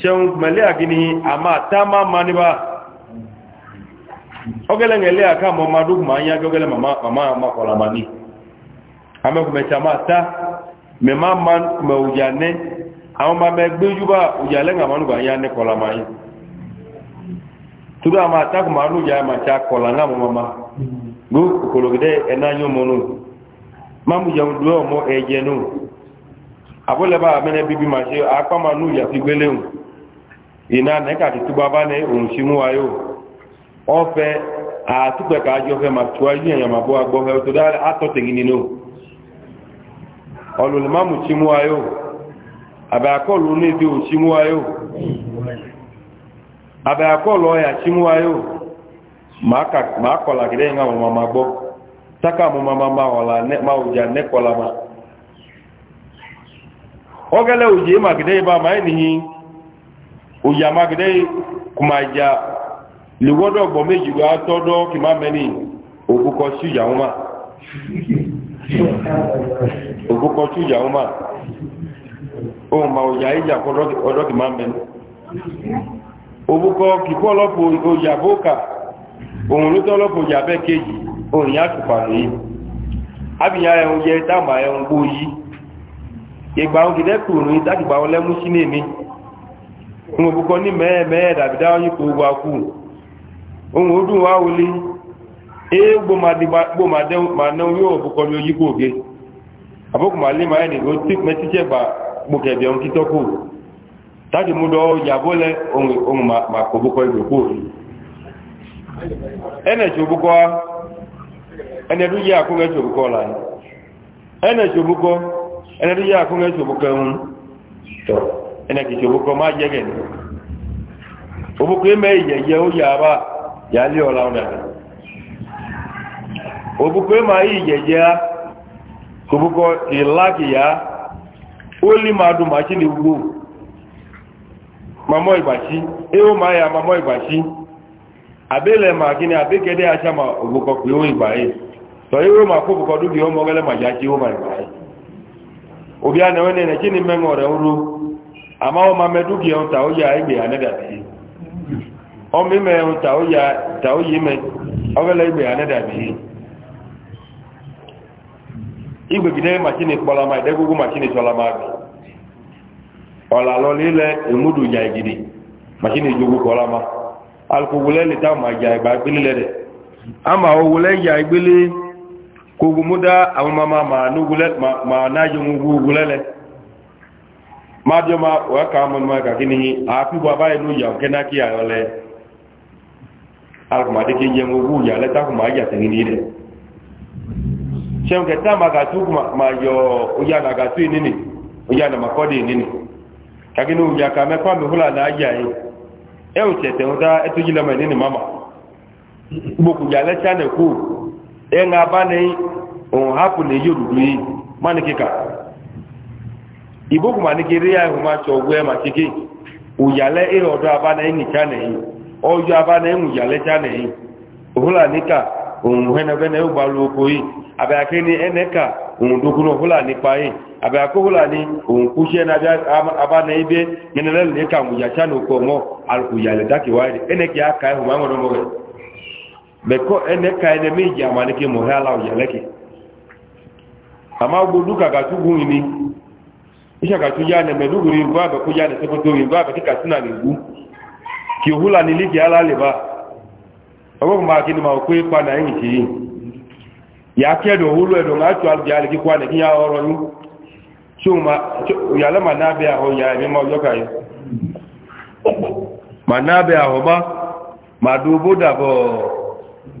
ṣeun mẹ́lẹ́ àgíní àmà táàmà ma níbà ọgẹ́lẹ̀ ẹ̀lẹ́ àká mọ́ ma dúkù máa ń yájọ́ gẹ́lẹ̀ màmá kọ̀lá ma ní amẹ́kùnmẹ̀ta máa tá mẹ́má ma mẹ́ òjà ní àwọn ma mẹ́ gbéjú bá òjà lẹ́gbà ma nígbà yá ní kọ̀lá ma yí turu àmà tákù ma níjà ma ta kọ̀lá náà mọ́ ma gbó kòkòrò gẹ́dẹ́ ẹ̀ abúlẹ̀bá mẹ́nẹ́ bíbí ma ṣe apáma ní ìyàfi gbéléhùn iná nẹ́kàtí túbá bá ní òun ṣe mú wáyò ọ́fẹ́ àtúpẹ̀ka ajọ́fẹ́ ma tó ayé èèyàn ma bó agbọ́fẹ́ tó dáre átọ́tẹ̀yìn nínú ọlùlùmọ́mù ṣe mú wáyò àbẹ̀akọ́lù ní ìdí òun ṣe mú wáyò àbẹ̀akọ́lù ọyà ṣe mú wáyò máa kọ̀lá gẹ́gẹ́ yẹn ọmọ ma gbọ́ ma. ogele oje magide ba ma enihi oya magide kuma ja liwodo gbo meji ga todo ki ma meni obuko suja uma obuko suja uma o ma oya ija kodo odo ki ma meni obuko ki ko lopo oya boka ohun lo to lopo oya be keji orin atupa ni abiyan ehun je ta ma ehun gbo yi ìgbà òkè dẹ́kùnrin ìdákìgbà ọlẹ́mú sí nèmi ohun òbúkọ ní mẹ́ẹ̀mẹ́ẹ̀ dàbídá ọyún kò kú ohun ó dùn wá wọlé éègbò màdẹ́hùn yóò òbúkọ ní oyí àbúkù màálé ẹni ó tí mẹ́ títọ́ táàdì mú ohun òbúkọ ìgbò rí òbúkọ yẹ òbúkọ òbúkọ ẹni tó yẹ àkóńgá ìṣòbò kẹun tọ ẹni kì ṣòbò kọ máa jẹgẹ ní òbòkọ ẹmẹ ìyẹyẹ ó yà bá yàlẹ ọlá ọdà òbòkọ ẹmẹ ìyẹyẹ ìlàkìyà ó máa dùn gbogbo mamọ máa yà mamọ kí ni àṣà máa pé ó ìgbà yìí tọ́ máa kó dúkìá ọmọ ó obi a na-enwe na gịnị me ṅụrụ nru amaghị ma medu gị ta oyi a igbe ya nedabighị ọma ime ta oyi ime ogele egbe ya nedabighị igbegide machini kpọla ma edegwugwu machini chini chọla ma bi ọla lọla ile emudu ya igidi ma chini jogwu kọla ma alùpùpù lẹ́lẹ̀ táwọn ma ya ìgbà gbélé lẹ́dẹ̀ ama òwúlẹ́ ya ìgbélé kogu muda awon mama ma nugule ma naji mugu gulele ma dio ma wa ka mon ma ka kini a fi baba e nu ya kena ki ayole al ma de ki je mugu ya le ta ko ma ya tengini de chenke tama ka tu ma, ma yo uya na ka tu nini uya na ni nini ka kini uya ka me kwa mi hula na aja yi e o chete uta etu jila ma ni mama gboku ya le chane ku ẹ̀nà abánẹ́yìn òun hapù ní yóò dúdú yìí má ní kíkà ìbókùnmà ní kiri àìhùn máa tọ ọgbẹ́ ẹ̀mà kíkì òyàlẹ́ èrè ọ̀dọ́ abánẹ́yìn nìkà na ọjọ́ abánẹ́yìn òyàlẹ́ já nẹ̀yìn òhúlà níkà òun hẹ́nẹ́fẹ́nẹ́ ó bá lo oko yìí àbẹ̀yàkẹ́ ní ẹnẹ́kà òun dókúnú nípa yìí ní òun kú sí oko ọmọ meko ene ka ene meji amani ke mo hala o yeleke ama gbodu kaka tugun ni isha ka tuja ne medugu ni ba be kuja ne sekoto ni ba be ki ma ki ni na yin ti ya hulu e do ma tu al jali ya oro chuma ya le ma na be aho ya mi ma yo bo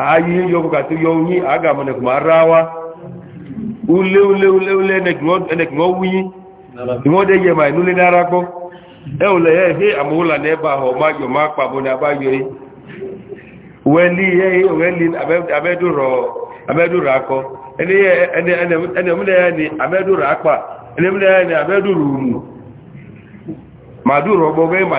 ayi yo ko ka ti yo yin aga ma ne ko ule ule ule ule ne ko ne ye ma nule dara ko e ule ye he ma na ba yo yi weli ehe weli abe ni ene ni ma duro bo be ma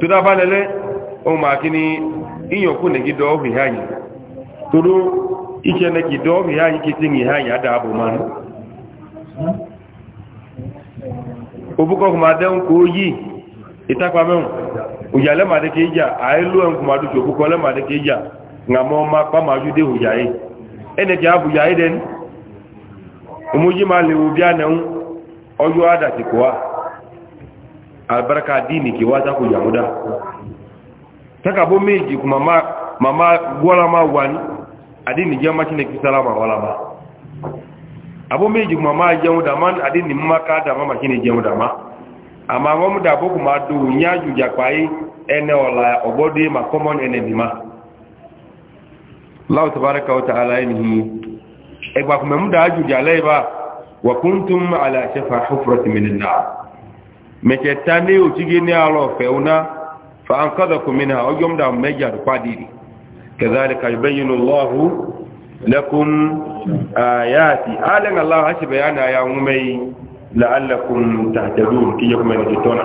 toda balele o ma kini inyo ku ne gido ohi hanyi toro ike ne gido ohi hanyi kitingi hanyi ada abu man obuko kuma de un ko yi itapa meun ujale ma de ke ija ailu en kuma nga ma ju le ada ti albarka dini ki wata ku yahuda taka bo meji kuma ma mama gola ma wani adini jama chine ki salama wala ba abo meji kuma ma yahuda man adini maka da mama chine yahuda ma ama ngom da bo kuma du nyaju ja kwai ene ola obodi ma common enemy ma Allah tabaraka wa ta'ala yinihi egba kuma mu da aju laiba wa kuntum ala shafa hufrat min an-nar mẹ̀tẹ̀ta ní òtígé ní àárọ̀ fẹ̀úná fa'ankọ́dọ̀kù mìíràn ọjọ́ mdà mẹ́jà rupadiri kẹzàríkà ìbẹ́yìn lọ́hù lakum àyàtì alẹ́nàláwà ṣe hachibayana náà ya ń mẹ́yìn la'allakun tàtẹ̀lú kíyẹ́kùnmẹ́rin tọ́nà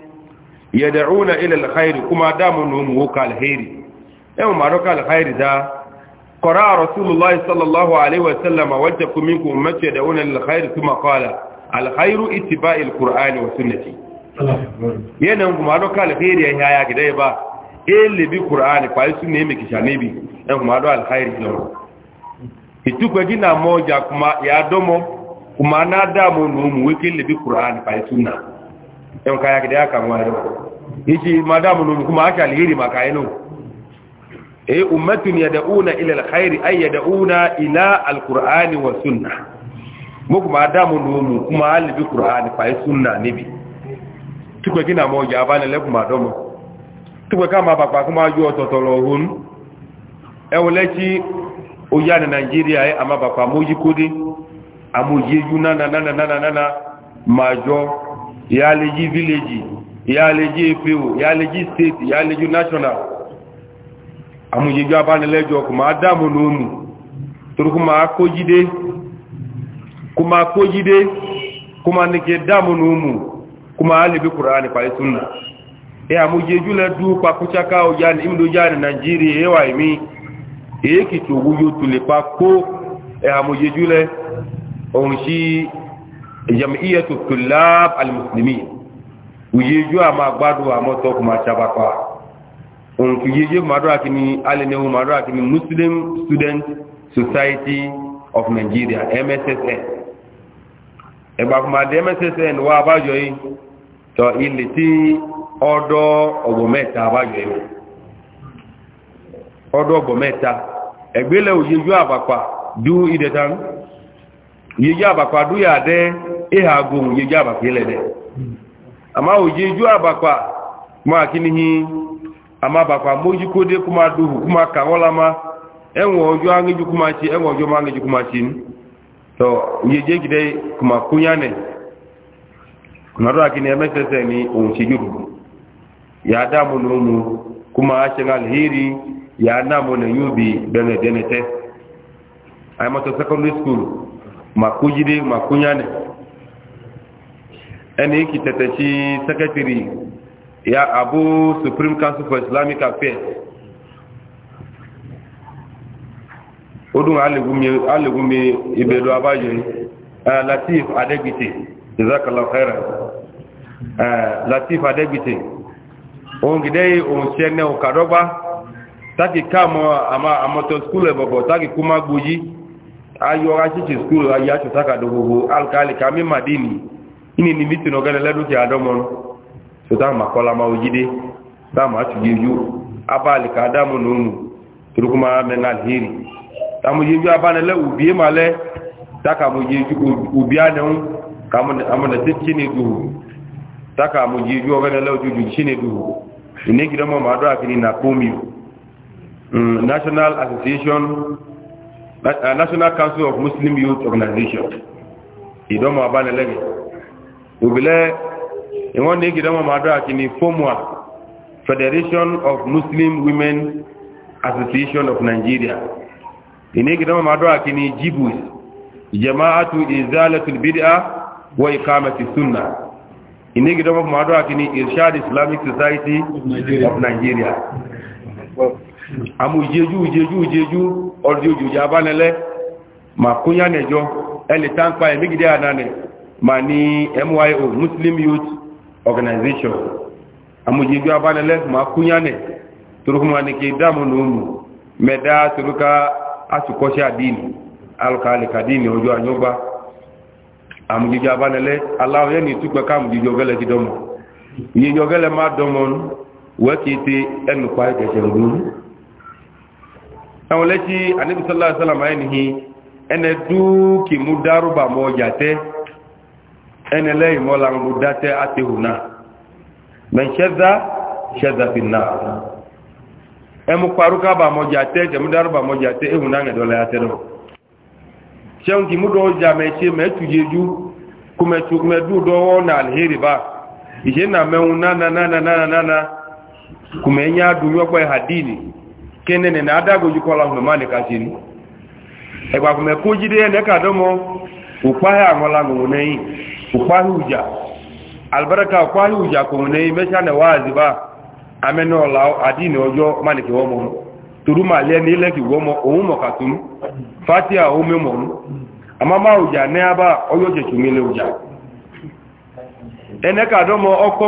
يدعون إلى الخير كما داموا نموك الخير يوم إيه عرق الخير ذا قرى رسول الله صلى الله عليه وسلم وجهكم منكم أمت يدعون إلى الخير ثم قال الخير اتباع القرآن والسنة ينمكم عرق الخير يا هيا كدائبا إيه إيه إلي بقرآن فالسنة مكشاني بي ينمكم عرق الخير ituko jina moja kuma ya domo kuma na damu numu wiki libi qur'ani fa sunna yan kaya da ya kamuwa yau yace madamu nun kuma aka alheri maka yau eh ummatun yad'una ila alkhairi ay yad'una ila alqur'ani wa sunnah mu kuma adamu nun kuma alibi qur'ani fa sunna nabi tukwe kina moja abana le kuma domo tukwe kama baba kuma yo totolo hun ewlechi oya na nigeria e ama baba moji ìyálejí village ìyálejí epo ìyálejí state ìyálejí national àmúyẹjọ́ abánilẹ́jọ́ kò máa dáàmù lónù torí kò máa kójídé kò máa kójídé kò máa nìkẹ dáàmù lónù kò máa lè bí kùránì pàlẹ́sùnù ẹ àmúyẹjú lẹ́dú pàkúṣáká ọjà ní ìmúdójá ní nàìjíríà ẹwà ìmí èékìtì òwúyó tulè pa kó ẹ àmúyẹjú lẹ́ ohun jam'iyyatu tullab almuslimin uyeju ama gbadu amoto kuma chabakwa unku yeju madu akini alenewu madu akini muslim student society of nigeria mssn ẹgbà kuma di mssn wa abájọ yìí tọ ilẹ̀ tí ọdọ ọgbọ̀ mẹ́ta abájọ yìí ọdọ ọgbọ̀ mẹ́ta ẹgbẹ́lẹ̀ uyeju abakwa du idẹ̀tanu yeju abakpa do ya de eha gon yeju abakpa ile de ama o yeju abakpa ma kinihi ama abakpa moju kode kuma duhu kuma kawola ma enwe ojo angeju kuma chi enwe ojo ma angeju kuma chi to yeje gide kuma kunya ne kuna do akini emesese ni ohun se yorubu ya damu nomu kuma ashen alheri ya namu na yubi dene dene te ai mato secondary school makujide makunyane ẹni kì tẹ̀tẹ̀ sí sẹ́kẹ́tìrì ya abu supreme council for islamic affairs ó dùn alẹ́gúnmi ìbẹ̀lú abáyọ latif adegbite jazakallah khairan eh, latif adegbite ohun gidẹ́ ohun tí ẹni ọkàdọ́gbá tákì káàmọ́ àmọ́tọ̀ skúlẹ̀ bọ̀bọ̀ tákì kú má gbojí ayọra chichi skul ayi achụta ka alkali ka mi madini ini ni mitin ogene leduki adomon sota ma kola ma ojide ta ma achugiju abali ka adamu na umu turukuma men alheri ta mu jeju abane le ubie ma le ta ka ine gidomo ma do akini national association Uh, national council of muslim youth organization ìdánmọ̀ abánilẹ́gbẹ̀ òbílẹ̀ ìwọ́n ní ìdánmọ̀ màdúrà kí ni fomua federation of muslim women association of nigeria ìní ìdánmọ̀ màdúrà kí ni jibus jama'atu izalatul bid'a wa ikamati sunna ìní ìdánmọ̀ màdúrà kí ni irshad islamic society of nigeria àmú ìjejú ìjejú ìjejú ọdí òjòjì abánilẹ́ ma kúnyà nẹjọ ẹni táńpá ẹ̀mí ma ní myo muslim youth organization àmú ìjejú abánilẹ́ ma kúnyà nẹ torúkúnmọ́ ní kí dáàmú nùmù mẹ́dá torúká àtúkọ́ṣẹ́ àdínì ọjọ́ àyọ́gbá àmú abánilẹ́ aláwọ̀ yẹn ká àmú ọgẹ́lẹ́ ti dọ́mọ̀ àwọn lẹ́tí àníbìsọ́lá sálàmà ẹnìyí ẹnẹ dúkì mú dárúbà mọ́ ọjà tẹ́ ẹnẹ lẹ́yìn mọ́ làwọn mú dátẹ́ àtẹ̀hù náà mẹ́ṣẹ́dá ṣẹ́dá fi náà ẹmú parúkàbà mọ́ ọjà tẹ́ tẹ̀mú dárúbà mọ́ ọjà tẹ́ ehù náà ẹ̀dọ́lẹ̀ àtẹ́ náà ṣẹ́hùn kì mú dọ́ ọjà mẹ́ṣe mẹ́tù yẹjú kùmẹ̀tù mẹ́dù dọ́wọ́ náà kene ne na adago jiko la ngoma ne kasini e gba kuma ko jide ne ka domo upa ha ngola ngone yi upa huja albaraka upa huja ko ne yi mecha ne wazi ba ameno mani ki womo turu ma le ni le fatia o me mo ama oyo je tumile huja ene ka domo okpo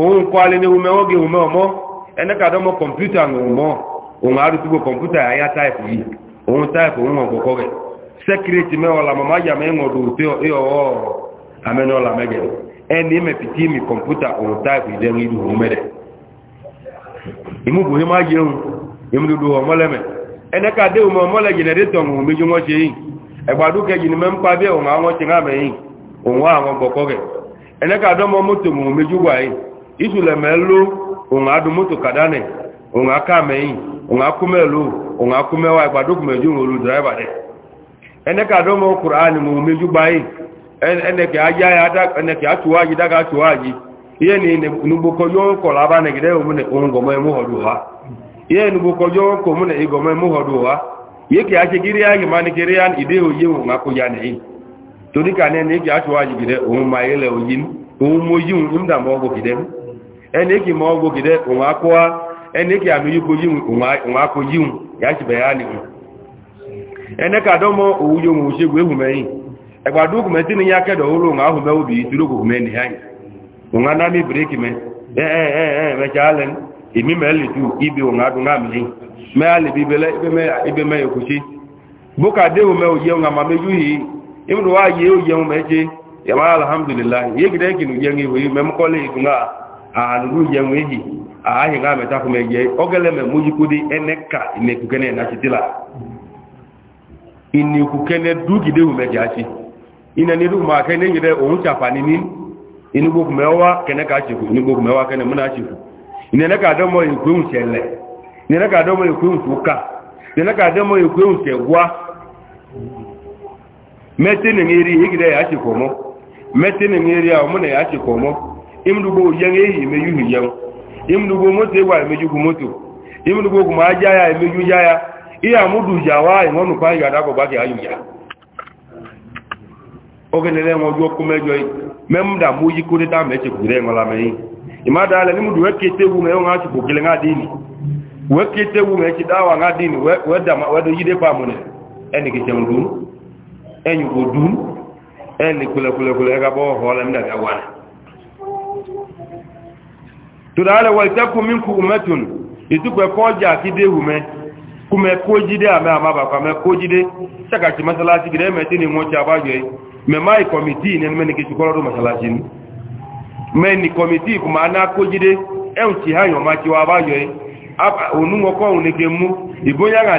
òun kọ́ alẹ́ ní ume oge ume ọmọ ẹnẹ́kàdọ́mọ́ kọ̀mpútà ọmọ òun arúgbó kọ̀mpútà àyà táìpù yìí òun táìpù òun ọ̀kọ̀kọ́ rẹ̀ sẹ́kìrìtì mẹ́wọ̀lá mọ̀má yà mẹ́wọ̀dù tí ọwọ́ amẹ́nọ́lá mẹ́gẹ̀ ẹni mẹ́pìtì mi kọ̀mpútà òun táìpù ìdẹ́rù ìlú ume ọmọlẹ́ isule melu onga adu moto kadane onga kameyi onga kumelu onga kumewa igbadu kumeju olu driver de ene ka do mo qur'an mu meju bayi ene ke aya ya da ene ke atuwaji da ka iye ni nugbo kojo ko laba ne gide omune ongo mo mu hodu ha iye ide ma eneki ma ọgwụ gide a. akụwa eneki amịyikoji onwe akụji m ya chibe ya n'ihu eneka adọmọ owuyo onwe uchegwu ehumeyi egbado okwumetị na ihe ahụ mee obi ituru me emechaalen ibi na ma ya mara alhamdulillah ihe gide ekinu jengị ihu ime àlùrù yẹun èyí ààyè rà mẹ́ta fún ẹgbẹ́ ọgẹ́lẹ́mẹ̀ mójúkúdé ẹnẹ́kà ìmẹ̀kùkẹ́nẹ́ ìnáṣítìlá ìnìkùkẹ́nẹ́ dúkìdéhù mẹ́jà sí ìnẹ̀nìdù máa kẹ́ ní ìrẹ́ òun sàfàní ní inúgbòkùnmẹ́wà kẹ́nẹ́kà ṣèkù inúgbòkùnmẹ́wà kẹ́nẹ́ múná ṣèkù ìnẹ̀nẹ́kà dọ́mọ ìkwéhùn ṣẹlẹ̀ ìnẹ̀nẹ́kà dọ́mọ ìkwéhùn fúkà ìnẹ̀nẹ́kà dọ́mọ ìkwéhùn ṣẹ̀gbá yà imdugo yenge yi meyu yeng imdugo mote wa meju ku moto imdugo kuma ajaya meju jaya iya mudu jawa ngonu pa ya dako ba ki ayuya ogenele ngo jo ku mejo yi mem da mu yi ku de da meche ku de ngola meyi imada ale ni mudu weke tebu me ngo ati bugile nga dini weke tebu me chi dawa nga dini we da we do yide pa mune eni ki chemdu enyu go dun eni kule kule kule ga bo hola mda ga wana tòdà alẹ́ wọ́n ìtẹ́kùn mí kú mẹ́tùn ìtúpẹ́ kọ́jà kídé hùmẹ́ kúmẹ́ kójídé àmẹ́ àmàbàkà mẹ́ kójídé sẹ́kàtì mọ́sálásí gẹ̀rẹ́ mẹ́tí ni wọ́n ti àbájọ yìí mẹ́má ìkọ̀mìtì ní ẹni mẹ́nìkejì kọ́lọ́dún mọ́sálásí ni mẹ́ni kọ̀mìtì kùmà aná kójídé ẹ̀hùn ti hàyàn máa ti wọ àbájọ yìí onúwọ́kọ́hùn ní ke mú ìbóyára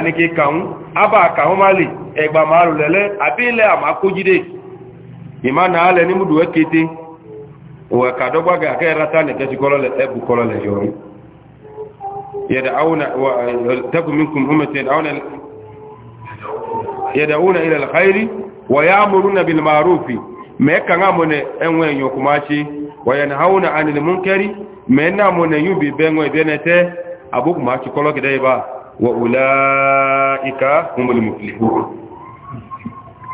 ní ke wa ka dɔ gbaga kɛ rata ne kɛsi kɔlɔ lɛ ɛbu kɔlɔ lɛ yɔri yɛda awuna wa taku minkum umatin awuna yɛda awuna ila alkhairi wa ya'muruna bil ma'rufi me kanga mo ne enwe nyokumachi wa yanhauna anil munkari me na mo yubi benwe benete abuku machi kɔlɔ kidai ba wa ulaika humul muflihun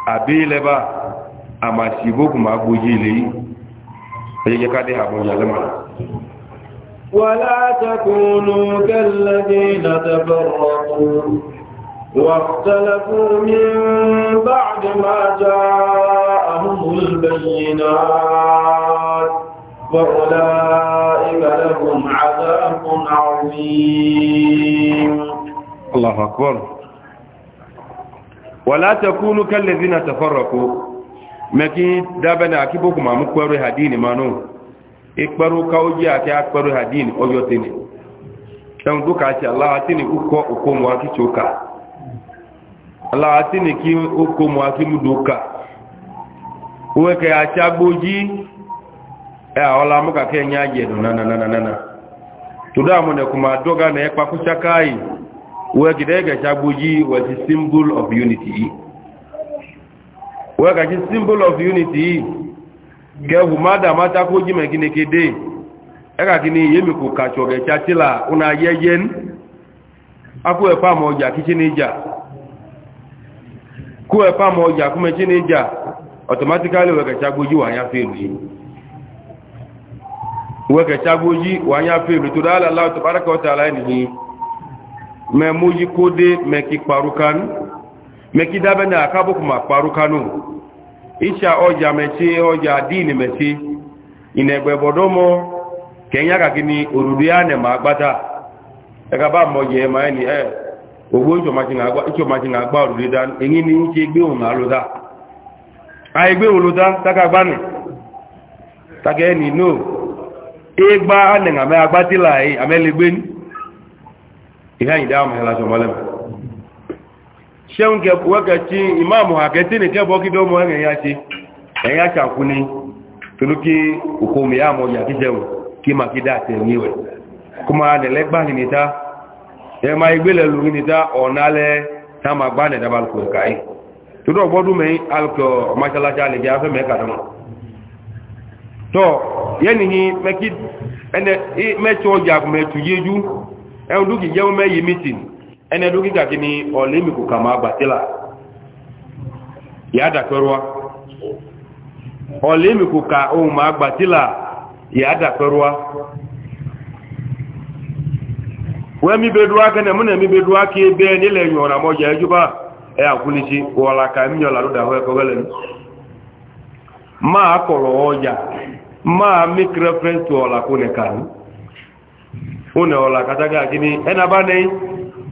abileba amasiboku magboji leyi ولا تكونوا كالذين تفرقوا واختلفوا من بعد ما جاءهم البينات فأولئك لهم عذاب عظيم الله أكبر ولا تكونوا كالذين تفرقوا meki dabana akiboku ma mu kweru hadini manu ikperu ka oji ati akperu hadini oyo tini tan duka ti allah atini uko uko mu aki choka allah atini ki uko mu aki mu duka uwe ke achagboji e ola mu ka ke nya je na na na na na tuda mu ne kuma doga na ekpa kuchakai uwe gidege chagboji was a symbol of unity wọ́n symbol of unity yìí gẹ̀ẹ́hù má dà má tako jí mẹ́kíní kéde ẹ́kàkí ni yémi kò kàtsọ̀ rẹ̀ tsatsi la ọ̀nà yẹ́yẹ́ ní akó ẹ̀fà mọ̀ ọjà kí tí ní ẹ̀fà mọ̀ ọjà kó mẹ́tí ní ìjà automatically wọ́n kẹ̀tsá gbójú wà á yá fèlú yìí wọ́n kẹ̀tsá gbójú wà á yá fèlú tó dáhà lálá tó meki dabe na akabu kuma kparu kanu isha oja mechi oja dini mechi inegbe bodomo kenya ka gini orudu ya ne ma agbata daga ba mo ye ma ni eh ogbo icho machi na agba icho machi na agba orudu da enyi ni nche gbe ohun aluda a egbe oluda taka gbani taka eni no egba anenga me agbatila yi amelegbe ni ihe anyị daa ma hela chọmọlẹmụ ṣeun wẹ́kẹ̀ tí ìmáàmù àkẹtí ní kẹ́bọ́ kí dọ́mọ ẹ̀yà ṣe ẹ̀yà ṣàkú ní pẹ̀lú kí òkú mìíyàmù ọjà kí jẹun kí ma kí dáa tẹ̀ ní rẹ̀ kó máa nẹ̀lẹ́ gbá nìta ẹ máa igbélẹ̀ lórí nìta ọ̀nálẹ́ tá máa gbá nẹ̀ dábàlù kò káyì tó dọ̀ gbọ́dún mẹ́yìn alùpùpù ọmọṣáláṣá àlejò afẹ́ mẹ́ka mẹ́tí ọjà mẹ́tù yéjú ẹ̀hún dúkìá jẹ́wọ́ mẹ́yìí mítìnì ene dugi ka kini olimi ku kama batila ya da korwa olimi ku ka o ma batila ya da korwa we mi bedua kene mu ne mi bedua ki be ni le nyora mo je juba e wala ka mi yola da ho ko ma akoro oja ma make reference to ola une ola kataga kini ena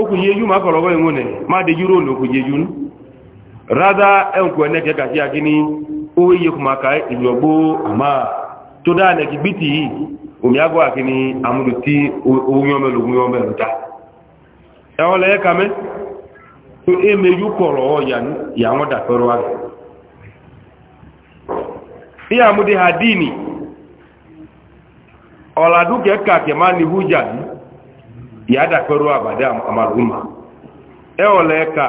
okwu yeju ma akọrọ ọgbọ enwone ma dị juru ụlọ okwu yeju rada enkwe neke gaji ya gini oyi ekwu maka ìyọgbó àmà tó dáa nẹ̀kì gbìtì yìí omi agọ́ àkíní àmúlò tí ogun ọmọ ìlú ọmọ ìlú ta ẹwọ́n lẹ́yẹ́ kamẹ́ tó èmè yú kọ̀rọ̀ ọ̀yà ìyàwó dàpẹ́rọ wa ní àmúdé hadini ọ̀làdúkẹ́ kàkẹ́ má ní hújà yìí yàda pẹ̀lú àbàdé àmàlùmá ẹ ọ̀lẹ́ ka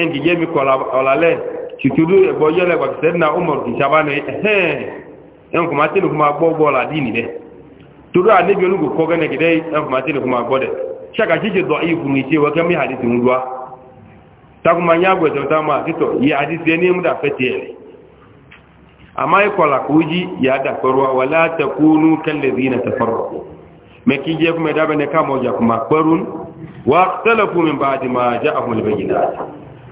ẹnkì jẹ́ mi kọ̀ ọ̀làlẹ́ tìtúrú ẹ̀gbọ́ yẹlẹ̀ gbàgbẹ́sẹ̀ náà ọmọ ìṣàbá ni ẹ̀hẹ́n ẹnkùn máa tẹ́lẹ̀ fún ma gbọ́ gbọ́ ọ̀làdí nìyẹn torí àníbi olùkọ́ kọ́ gẹ́nẹ̀ gẹ́dẹ́ ẹnkùn máa tẹ́lẹ̀ fún ma gbọ́ dẹ̀ ṣàkà ṣíṣe dọ̀ iyì fún iṣẹ́ wọ́n kẹ́mí àdìsí ń dúá takuma nyá gbọ̀ ẹ̀sẹ̀ táwọn àtìtọ̀ yẹ àdìsí ẹni mú dà fẹ́ tiẹ̀ rẹ̀ àmọ́ ẹ̀kọ́ làkújí yàda pẹ̀lú wa wàlá mekije kuma dabe ne kama ja kuma kwarun wa ikhtalafu min ba'di ma ja'ahum al-bayyinat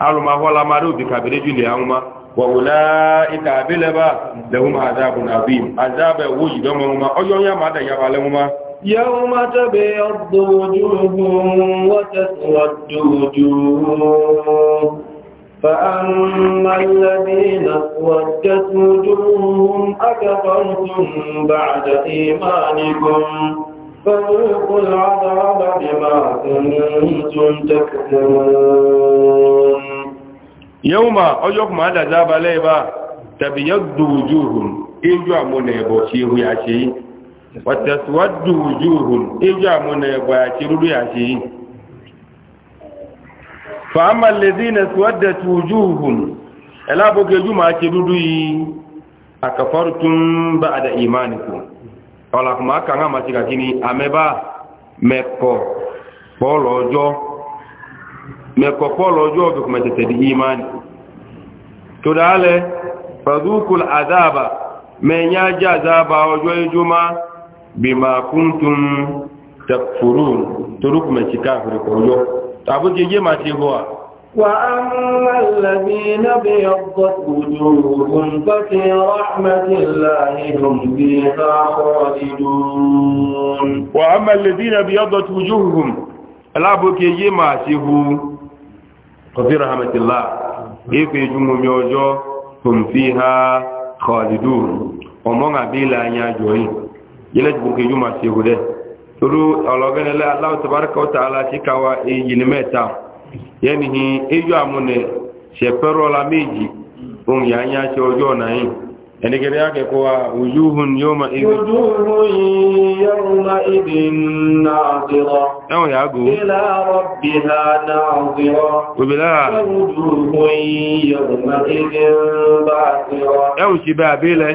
aluma wala maru bi kabire jule amma wa ulaika bilaba lahum azabun azim azaba wujudu ma oyo ya ma ya bale يوم تبيض وجوه وتسود وجوه فأما الذين اسودت وجوههم أكفرتم بعد إيمانكم فذوقوا العذاب بما كنتم تكفرون يوم أجوك ما دزاب ليبا تبيض وجوههم إجوا من يبوشيه يعشي وتسود وجوههم إجوا من يبوشيه يعشي فأما الذين سودت وجوههم ألا بوك يجوا ما أكفرتم بعد إيمانكم ọ̀la kò máa kàn án màtí ni àmẹ́bá mẹ́kọ̀ pọ́ọ̀lọ́ ọjọ́ mẹ́kọ̀ pọ́ọ̀lọ́ ọjọ́ ọ̀gbìn kò mẹ́tẹ̀tẹ̀ di ìmánì tó dáálẹ̀ fàdúkùl àdáàbà mẹ́yìn ajá àdáàbà ọjọ́ ìjọmá bìmà kúntùn tẹ̀fùrù torúkùmẹ̀tì káàkiri pọ̀ ọjọ́ tàbí jẹjẹ màtí hùwà. وأما الذين ابيضت وجوههم ففي رحمة الله هم فيها خالدون وأما الذين ابيضت وجوههم الأبوك يما سيهو رَحْمَةِ اللَّهِ الله إيكو يجمو ميوجو هم فيها خالدون ومن أبيلا يجوين يلجبوك يجمع سيهو ده toro ọlọ́gẹ́nẹ́lẹ́ aláwọ̀ tàbárakọ̀ tààlá síkàwà èyí yẹni eju eyo amune sepẹrọ la anya ohun yà á nyà ẹnikẹ́ni yáàkẹ́ kó wa wùjúhùn yóò ma ibi ẹwọ̀n yàágò ẹwọ̀n sí bẹ́ àbílẹ̀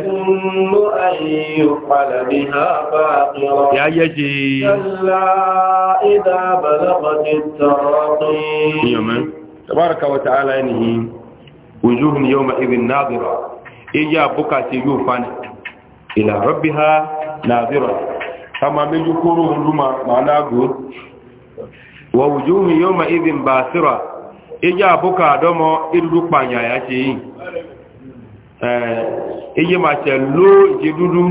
yà yẹ́ sí ìyọ̀mẹ́ tàbárakà wata aláìní wùjúhùn yóò ma ibi náà eji abụka ti yi ụfani ila rabbi ha na zira kama meju kuru huluma ma na agu wa wujuhi yawma idhin basira eji abụka adomo idudu kpanya ya ce yi eji eh, ma ce lo ije dudu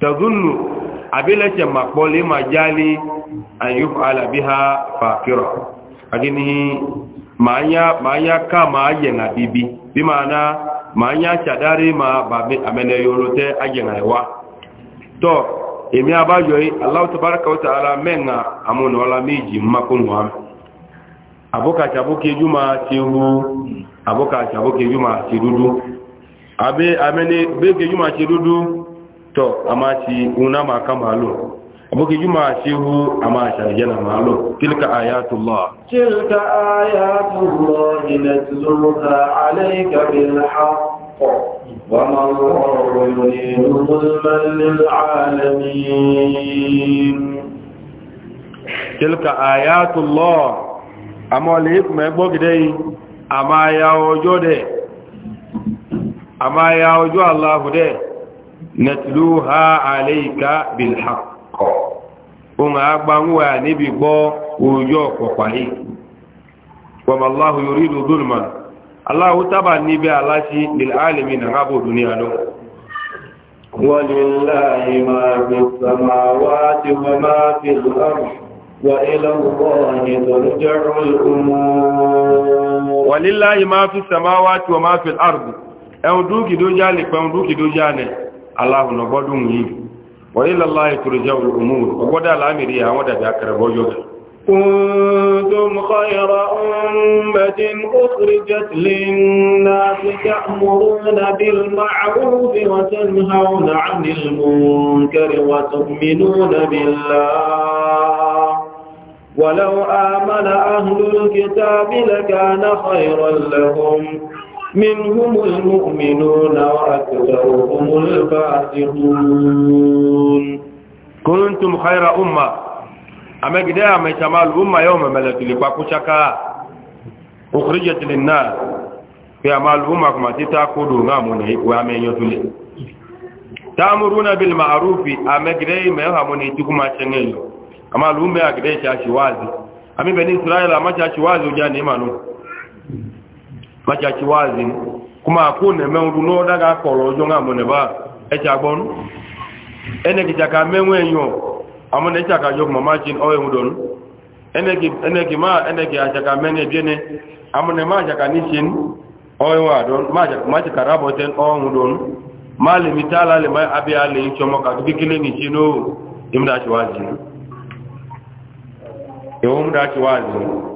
ta zunnu abilace makpoli ma jali an yi fa'ala biha fakira agini ma ya ka ma ayyana bibi bi ma'ana ma nya chadari ma ba amene yorote ajenga to emi abajo yi allah tabaraka wa taala menga amun wala miji makunwa aboka chaboke juma tihu aboka chaboke juma tidudu abe amene beke juma tidudu to amachi una makamalo aboki juma shehu a masha yana malo tilka ayatullah tilka ayatullah ina tuzurka alaika bil haqq wa ma yulidu zulman lil alamin tilka ayatullah amole me gbogide ama ya ojo de ama ya ojo allah de natluha alayka bil haqq òun àgbáwọ́ àníbi gbọ́ ojú ọ̀pọ̀pá yìí wàmàláhù yorí lòdùnmà aláhù tábà níbi aláṣí lèláàlèmí nà ábò dúníà lọ wàlèláàrí máa fi sàmà tí wọ́n máa fi lọ́rùn wà ilẹ̀wọ̀ máa fi sàmà tí wọ́n máa fi lọ́rùn وإلى الله ترجع الأمور وقد الأمر يا ودا ذكر بوجود كنتم خير أمة أخرجت للناس تأمرون بالمعروف وتنهون عن المنكر وتؤمنون بالله ولو آمن أهل الكتاب لكان خيرا لهم منهم المؤمنون وأكثرهم الفاسقون كنتم خير أمة أما قداء ما يتمال أمة يوم ملك لباكو شكا أخرجت للناس في أمال أمة كما تتاكدوا غامونه وأمين يتولي تأمرون بالمعروف أما قداء ما يهمون يتكما شنين أما الأمة قداء شاشي وازي أمي بني إسرائيل أما شاشي وازي وجاني إيمانون machachi wazi kuma akune mendu no daga kolo jonga mone ba echa gbon ene ki chaka menwe nyo amone chaka jog mama jin owe mudon ene ki ene ki ma ene ki achaka mene biene amone ma achaka nishin owe wa don ma chaka ma chaka rabo ten owe mudon mali mitala le mai abi ale chomo ka dikile ni chino imda chwazi ewo mda chwazi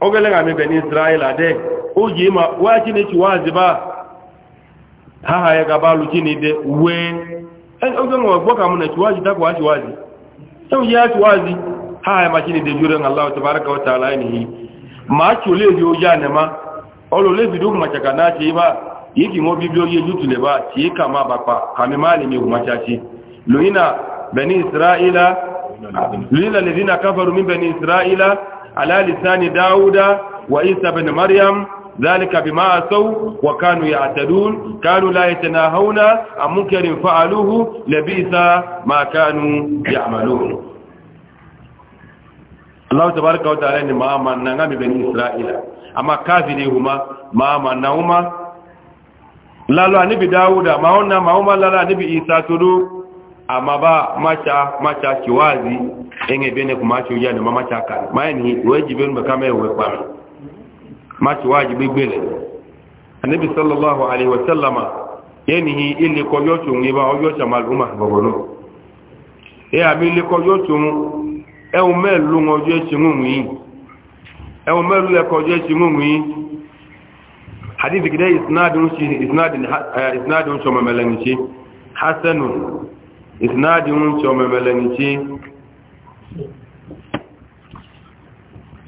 ogele ga mebe Israel ade oji ma wa ha ha chinide we oge nwa ogbo ka mụ na chiwazi takwa chiwazi ha ya ma chinide jure na allah tabaraka wa ta'ala ni ma chule ji oja ne ma olo le bidu ma mo bibio ye jutule ba chi ka ma ba pa ka me mali mi bani israila luina ladina kafaru min bani israila على لسان داود وعيسى بن مريم ذلك بما عصوا وكانوا يعتدون كانوا لا يتناهون عن منكر فعلوه لبئس ما كانوا يعملون Allah tabaraka wa ta'ala ni mama na ngami bani Israila ama kafiri huma mama na uma lalo anibi Dauda maona mauma lalo anibi Isa tudu amaba macha macha kiwazi enge bene kumacho ujane mama chaka maani weji benu kama ewe kwa macho waji bibele anabi sallallahu alaihi wasallama yani hi ili ko yochu ngiba oyocha maluma bobono e amili ko yochu mu e umelu ngoje chimumwi e umelu ya koje chimumwi hadithi kidai isnadun shi isnadun eh, isnadun shoma malangishi hasanun isnadi ń tsọ mẹmẹlẹ ní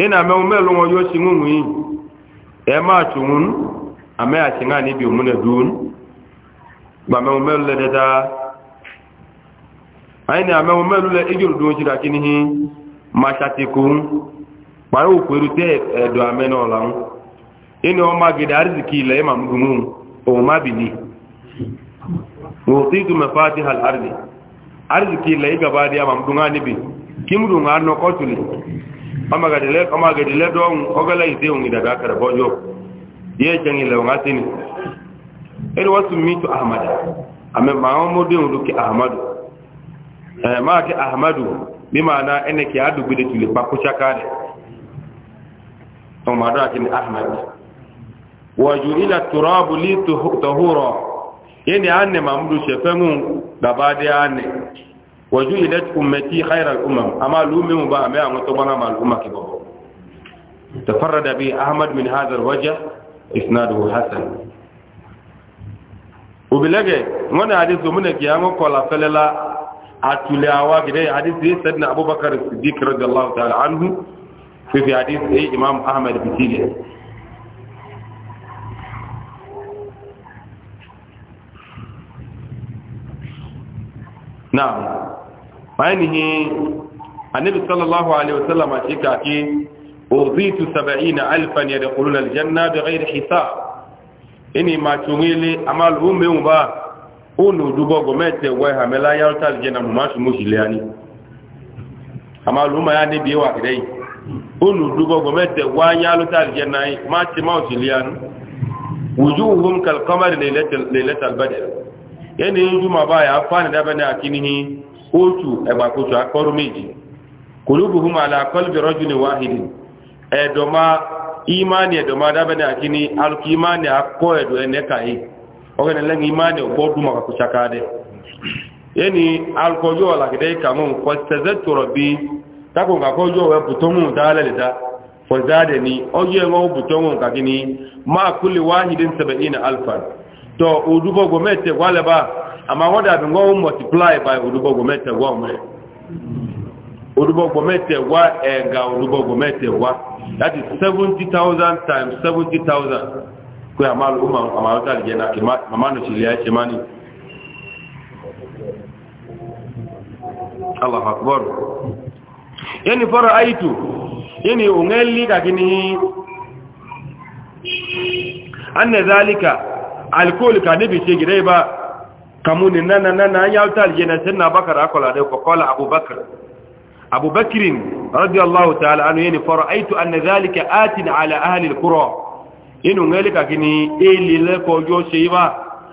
ina mẹ́wọ́n mẹ́lú wọn yóò sinú wù yìí ẹ máa tún un àmẹ́ àtìngá níbi òmùnà e dùn gbà mẹ́wọ́n mẹ́lú lẹ dẹ́ta àyìn ní àmẹ́wọ́n mẹ́lú lẹ ìjòrò dùn sí kàkí níhi ma ṣàtìkù ń parí òkú eru tẹ́ ẹ̀dọ̀ àmẹ́ náà làwọn arziki arziki lai gaba da yamma dunga nibi kim dunga no kotuli amma ga dile amma ga dile don ogala ide un ida da kar bojo ye jangi le wanga tini er wasu mitu ahmad amma ma on mo de un ki ahmad eh ma ki ahmadu bi ma'ana ene ki adu bi de tuli ba ku chaka de to ma da ki ahmad wa ju'ila turabu li tuhura yeni anne mamdu shefemu gabade anne waju ilat ummati khairal umam ama lumi mu ba me an to bana mal umma ke babo tafarrada bi ahmad min hadha alwajh isnaduhu hasan ubilage ngona hadith mun ke an ko la felela atule awa gide hadith sayyidina abubakar siddiq radiyallahu ta'ala anhu fi hadith imam ahmad bitili na'am bayanihi annabi sallallahu alaihi wasallam shi kake uzitu 70 alfan yadkhuluna aljanna bighayri hisab ini ma tumile amal umme umba unu dubo gomete wa hamela ya ta aljanna mu masu mushiliani amal umma ya nabi wa kidai unu dubo gomete wa ya aljanna ma ti ma wujuhum kal qamari laylatal laylatal yẹni ń dúmọ̀ báyà fáànì dábẹ́ni àkíníhí kóòtù ẹgbàkóòtù akọ́rù méjì kòlóbùhùn alákọ́lùbẹ̀rọ̀ jù ní wáhìdì ẹ̀dọ̀má ìmáni ẹ̀dọ̀má dábẹ́ni àkíní alùkí ìmáni akọ́ ẹ̀dọ̀ ẹ̀nẹ́kà yìí ọ̀gẹ́nìlẹ́ni ìmáni ọ̀gbọ́ dúmọ̀ kàkùsàkáadẹ́ yẹni alùkọ́jọ́ ọ̀làkẹ́dẹ́ ìkàmù kọ́sẹ̀sẹ̀ tọ̀rọ̀ bí takùnkàkọ́jọ́ ẹ̀ bùtọ́mù dálẹ́lẹ́ta fọ̀zádẹ́ni ọjọ́ ẹ̀wọ̀n bùtọ́mù kàkíní máa kúlẹ̀ wáhìdì 70 alfan tɔ odubɔ gɔmɛ tɛ wa lɛ ama wɔn dàbí ŋɔ wo multiply by odubɔ gɔmɛ tɛ wa mɛ odubɔ gɔmɛ tɛ wa ɛga odubɔ that is seventy thousand times seventy thousand kò yà máa lò ó ma àmà ló tàbí jẹ màmá nù sí ilé ẹ ṣe má ní. allah akbar yẹni fọ́rọ̀ àìtù yẹni òun ẹ́ lé kàkí ní annazalika alkohol ka nabi ce gidai ba kamunin nan nan nan ya wuta aljanna sai na bakar akola da ko kola abubakar abubakar radiyallahu ta'ala anhu yani fara'aitu anna zalika atin ala ahli alqura inu ngalika kini eli le ko yo se ba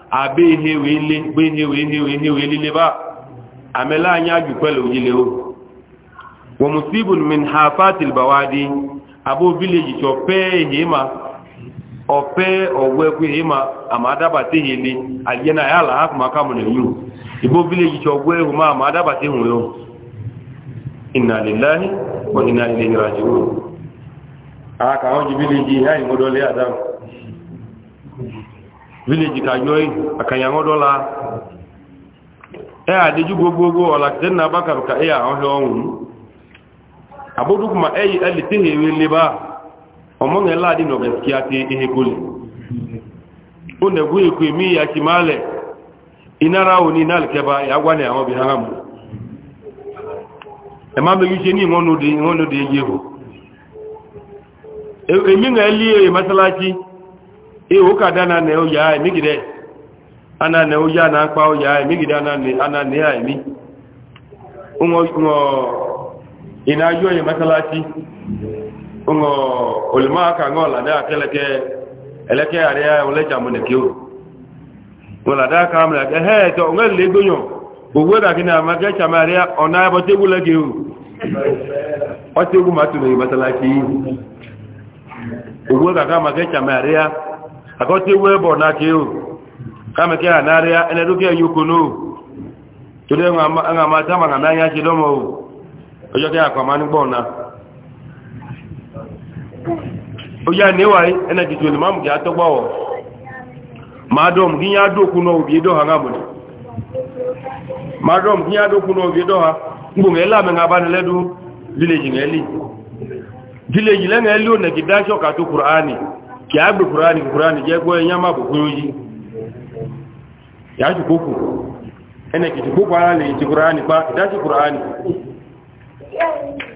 abe hewe le be hewe hewe hewe le ba amela anya ju pelu yile o wa musibun min hafati albawadi abu village cho pe hima ope ogwekwe ima ama adabata ihe ile alie ala hapụ maka mụ na ewu vileji chọ ogwe ewu ma ama adabata ihu yo inna lillahi wa inna ilaihi raji'un ka yoi aka ya ngodola e adeju gogogo ola ka ya ọmọ yẹn láàdì nọ bẹ kí e e, e a ti ihe kólé ó nẹ̀gbọ́ èkó èmi ìyàkí máa lẹ̀ inára ò ní náà kẹba ìyàgbá ní àwọn obìnrin hàn mú ẹ máa mẹ́gbí ṣe ní ìwọ́n lóde yé hù èmi náà ana nẹ̀ ó yá náà pa ó yá èmi ana nẹ̀ á èmi ìnáyọ́ èyí ngo olima ka ngo la da keleke eleke area ole jamu ne kiu ngo la da ka amra ge he eh, eh, to ngo le gbonyo bo wo da gina ma ge chamaria ona bo te gule ge u o te gu matu ne matala ki ugo ka ma ge chamaria akoti we e bo na ki u kama ke anaria ene ruke yukunu tudenga ma ngama tama na nya chi domo Ojo ke akwa mani gbona oya newa ena jijo ni mamu ya togba wo madom gi ya do kuno obi do ha ngabo ni madom gi ya do kuno obi do ha ngbo me la me ngaba ni ledu village ngeli village le ngeli o ne gidasho ka to qur'ani ki agbe qur'ani qur'ani je gbo eyan ma bukuru yi ya ju koku ene ki ju koku ara le ti qur'ani pa dashi qur'ani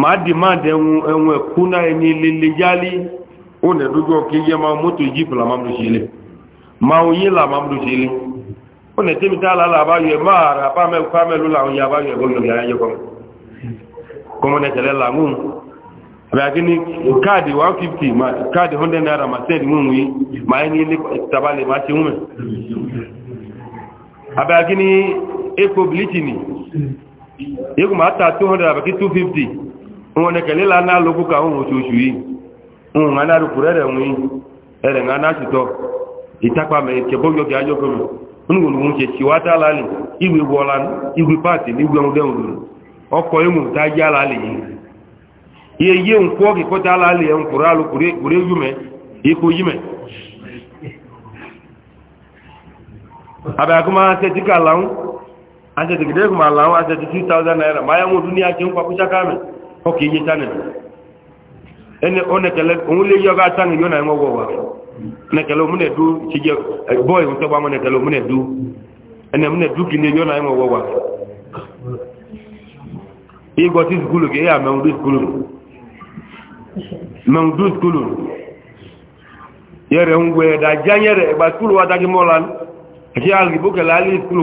ma dimande enwe kuna enyi lilijali une dugo kije ma moto jipu la mamdu ma unyi la mamdu mara ma kaadị 100 naira ma sedi ngum yi ma ni ni tabale ma ti ume abagini eco blitini yego ma ta 200 abaki 250 wọn ne kele la na loku ka wọn otu otu yi wọn ŋa na do kura ɛrɛ ŋui ɛrɛ ŋa tutɔ itakpa mɛ tse bɔ yɔki ayɔ kɔmi wọn tse tsi wa ta la li iwe wɔ la iwe paati ni iwe ya la li yi ye li kure kure yi mɛ iko yi mɛ abe asɛti ka la ŋu asɛti kuma la ŋu asɛti two thousand naira ọkà iye tánì ẹni ọ̀nẹ̀kẹ̀lẹ̀ òun lè yọ́gá tánì yọ́nà ẹ̀wọ̀n wọ̀ wà ọ̀nẹ̀kẹ̀lẹ̀ òmúnẹ̀dú ti jẹ́ bọ́ọ̀ ìwọ̀n tọ́gbà ọ̀nẹ̀kẹ̀lẹ̀ òmúnẹ̀dú ẹni òmúnẹ̀dú kì ní yọ́nà ẹ̀wọ̀n wọ̀ wà igọ̀ tí skulu kì í yà mẹ́wùdú skulu mẹ́wùdú skulu yẹrẹ ń wẹ̀ ẹ̀dà jẹ́yẹrẹ ẹgbà skulu wa dákí mọ́la àti alìbókẹ̀lẹ̀ alì skulu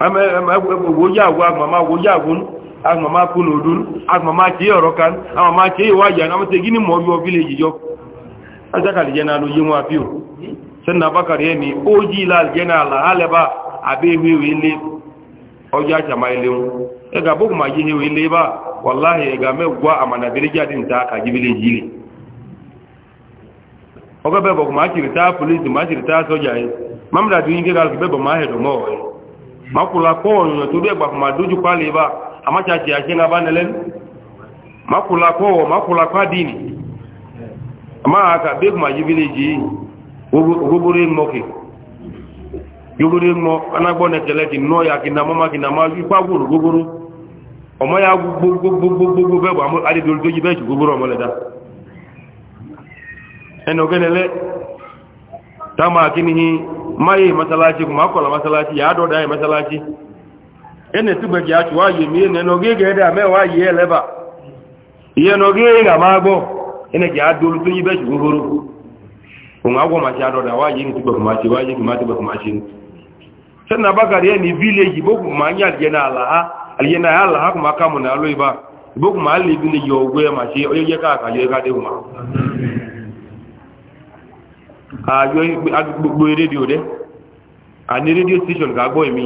agboji agwụ agụmama gwoji agwụ agụmama akpụ na odu agụmama chee ọrọka amama chee iwa ji anamata gịnị ma ọbịa ọbịla ejijọ ajakalije na alụji nwa apịo sena abakar ya ni oji ile alije na ala ha leba abịa ihu iwe ile ọjọ ga a aka ma taa makula kowoyo todu egba kuma doju kwale ba amacha ci ase na ba nelen makula kowo makula kwa dini ma aka be kuma jibile ji gbogbore mo ke gbogbore mo ana gbo ne tele ti no ya kina mama kina ma ju pa gboro gbogboro omo ya gbogbogbogbogbogbo be ba mo ade doju be ju gbogboro mo le da eno genele tama kinihi maye masalaci kuma akwala masalaci ya doda ya masalaci ene tugbe ji achu waye mi ene da me waye eleba iye no ge ga ma gbo ene ji adulu tun yibe shuguru kun agwo ma ja doda waye ni kuma ci waye kuma kuma ci sen na bakari ni village boku ma nya ala ha aljena ya ala ha kuma na aloiba boku ma ali bi ni yo gwe ma ci oye ka ka yo ka de kuma àjọ gbogbo rédíò dẹ́ àní rédíò station kà gbọ́ èmi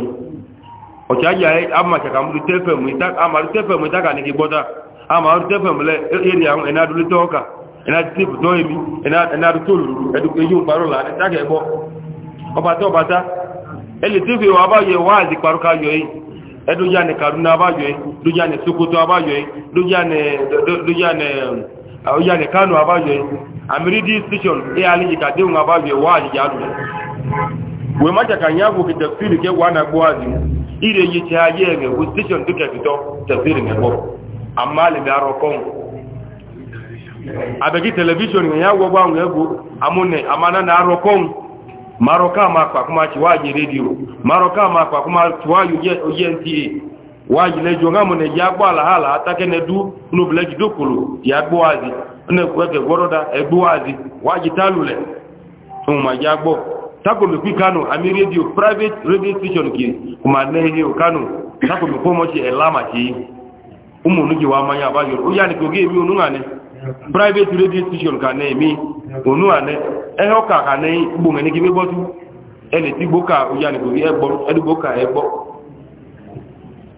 ọ̀chá yà ẹ́ amàṣàkà mú tẹ́fẹ̀mù àmàrú tẹ́fẹ̀mù ìtàkà ní kí gbọ́dá àmàrú tẹ́fẹ̀mù lẹ́ èrè àwọn ẹ̀nà adúlé tọ́ọ̀kà ẹ̀nà tíìpù tọ́ èmi ẹ̀nà adútó lùrù ẹ̀dùkẹ́yìn parọ́ là ní tákẹ́ gbọ́ ọbàtà ọbàtà ẹ̀lẹ́ tíìpù ìwà abáyọ wá àti parúkà yọ yìí ẹ̀dùjá ní kaduna abáyọ yìí dùjá ní sokoto abáyọ yìí dùjá ní ọjà ní kánò àbájọ yìí àmìrídìí station ẹ alíjìká déhùn àbájọ ìwọ àjíjá lù wè má jàkà ní àgbò kì tẹ̀fìrì kẹ wà gbọ́ àjò ìrè yìí ti ayé ẹ̀rẹ̀ wò station tó kẹfìtọ́ tẹ̀fìrì nẹ̀gbọ́ àmà lè dárọ kọ́hùn àbẹ̀kí tẹlẹfíṣọ̀n ìyá gbogbo àwọn ẹgbò amúnẹ̀ àmàna dárọ kọ́hùn marọ́ká máa pàkúmá tiwáyé rédíò marọ́ká máa pàkúmá waji ne jonga mo ne jagbo ala hala atake ne du no bleji dokolo jagbo azi ne ko waji talule ma tako mi kano ami radio private radio station ki kuma ne kano tako mi umu wa manya ba yo o ya ni ko ge mi onu ngane private radio station ka ne mi onu ane e ka ka ne gbo ki mi o ya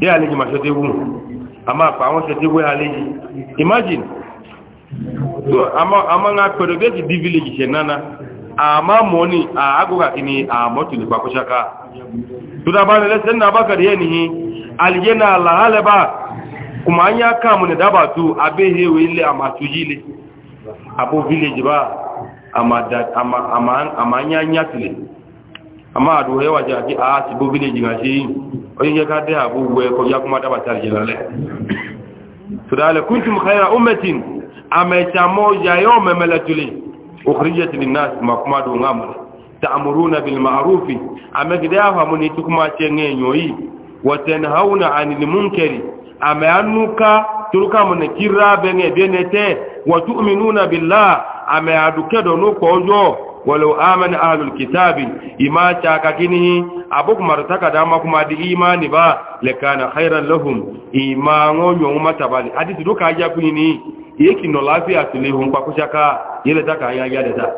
dé àlejò máa ṣẹ́tẹ́ wù a máa pa àwọn ṣẹ́tẹ́ wù àlejò imagine àmọ́ ńlá pẹ̀lú bí ẹ̀sì village ṣe nánà àmá mọ́ ní àágùnkà kí ni àmọ́ tìlù pàkóṣáká tó dábá ní lẹ́sẹ̀ ní abákàrí ẹ̀ nìyí àlìyé náà làálẹ́bà kùmà ń yá káàmù ní dábà tó ilé àbó village bá àmà ń yá nyátìlẹ̀ amma a duhe waje a ji a ah, ti bo village na shi oyin ya ka da abu we ko ya kuma da ba tar jilale to dale kuntum khayra ummatin amaita mo ya yo memelatuli ukhrijat lin nas ma kuma do ngamre ta'muruna bil ma'ruf amagda fa muni tukuma cenge nyoyi wa tanhauna 'anil munkari amanuka turuka mun kira bene benete wa billah amadukedo no ko walau amana ahlul kitabi ima ta kakini abuk martaka da ma kuma di imani ba lakana khairan lahum ima ngonyo mata bali hadisi duka ya kunini yake no lafiya tulihun kwa kushaka yele taka ya ya da ta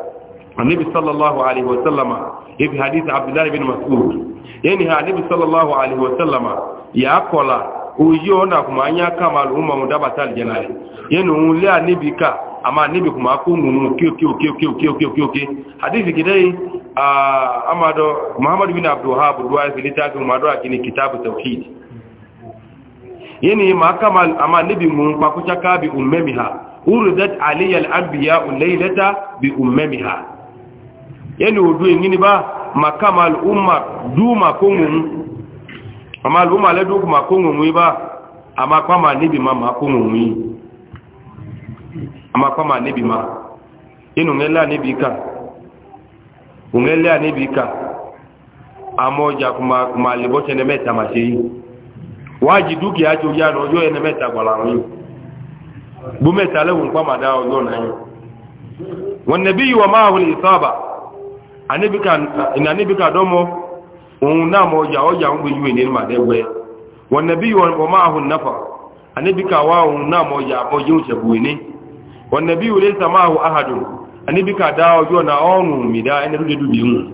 annabi sallallahu alaihi wasallama ibi hadisi abdullah ibn mas'ud yani ha annabi sallallahu alaihi wasallama ya kola oyi na kuma anya kama al'umma mu daba tal janare yenu ule anibi ka ama anibi kuma ko ngunu ki ki ki ki ki ki ki ki hadithi kidai a ah, amado muhammad bin abdul wahab duwa fi litafi umado akini kitabu tauhid yeni ma kama ama anibi mu pa kucha ka bi ummemiha uridat alayya al-anbiya laylata bi ummemiha yeni odu ngini ba makama al'umma duma ko mama aluma le duk ma ko ngumui ba ama kwa ma nibi ma ma ko ngumui ama kwa ma nibi ma inu ngela nibi ka ungela nibi ka amoja kuma kuma liboche ne meta ma sei waji duki acho ya no yo ene meta gwala ngi bu meta le hun kwa ma da ojo na yi wan nabiyyu wa ma'ahu al-isaba anibika inanibika domo òun náà mọ ọjà ọjà ń gbéjú ìní màdé wẹ wọn nàbí wọn máa hùn náfà àníbi káwá òun náà mọ ọjà àbọjẹ òṣèbù ìní wọn nàbí ìwé lẹsà máa hùn ahàdùn àníbi dá ọjọ náà ọrùn mìdá ẹni ló dédú bìí hùn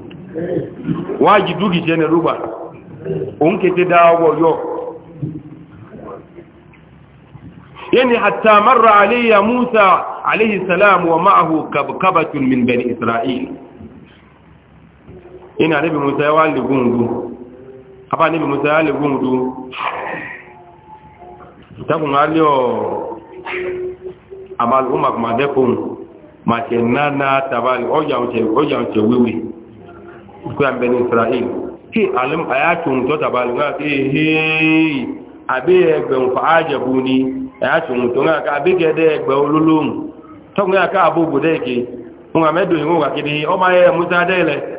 wọn ina anabi musa ya wale gungu apa anabi musa ya wale gungu takun alio amal umak madekun mace nana tabali ojanche ojanche wiwi kwa mbeni israel ki alim ayatun to tabali ga ehe abi egbe fa ajabuni ayatun to ga abi gede egbe olulum to ga ka abubude ki nga medo ngo ga bi o ma ye musa dele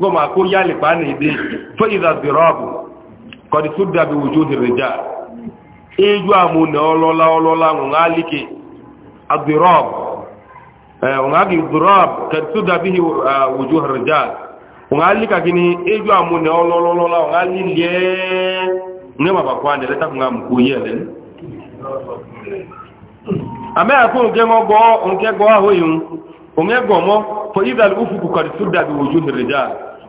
goma ko yali bani de fa idha dirabu qad sudda bi wujuhi rijal eju amu ne olola olola ngalike adirab eh ngagi dirab qad sudda bihi eh, wujuhi rijal ngalika kini eju amu ne olola olola ngalilie ngema bakwande leta ngam kuyele ame onye gọmọ fọ izal ufuku kọrị sụda bi ojú nìrìjà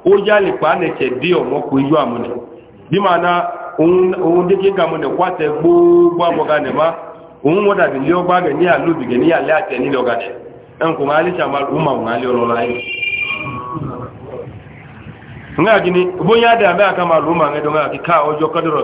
ó yá lè pa nẹ̀kẹ̀ dí ọmọ kò ijú àmúnẹ̀ bí ma na òun dékè gàmúnẹ̀ kwátẹ gbogbo àbọ̀gá nẹ̀ ba òun wọ́n dàbí lé ọgbà gẹ̀ ní àlóbì gẹ̀ ní àlẹ́ àtẹ nílẹ̀ ọ̀gá dẹ̀ ẹnkù máa lè ṣàmà ọmọ àwọn alẹ́ ọlọ́lá yìí nga gini bóyá dàbẹ́ àkàmà lùmọ̀ àwọn ẹ̀dọ́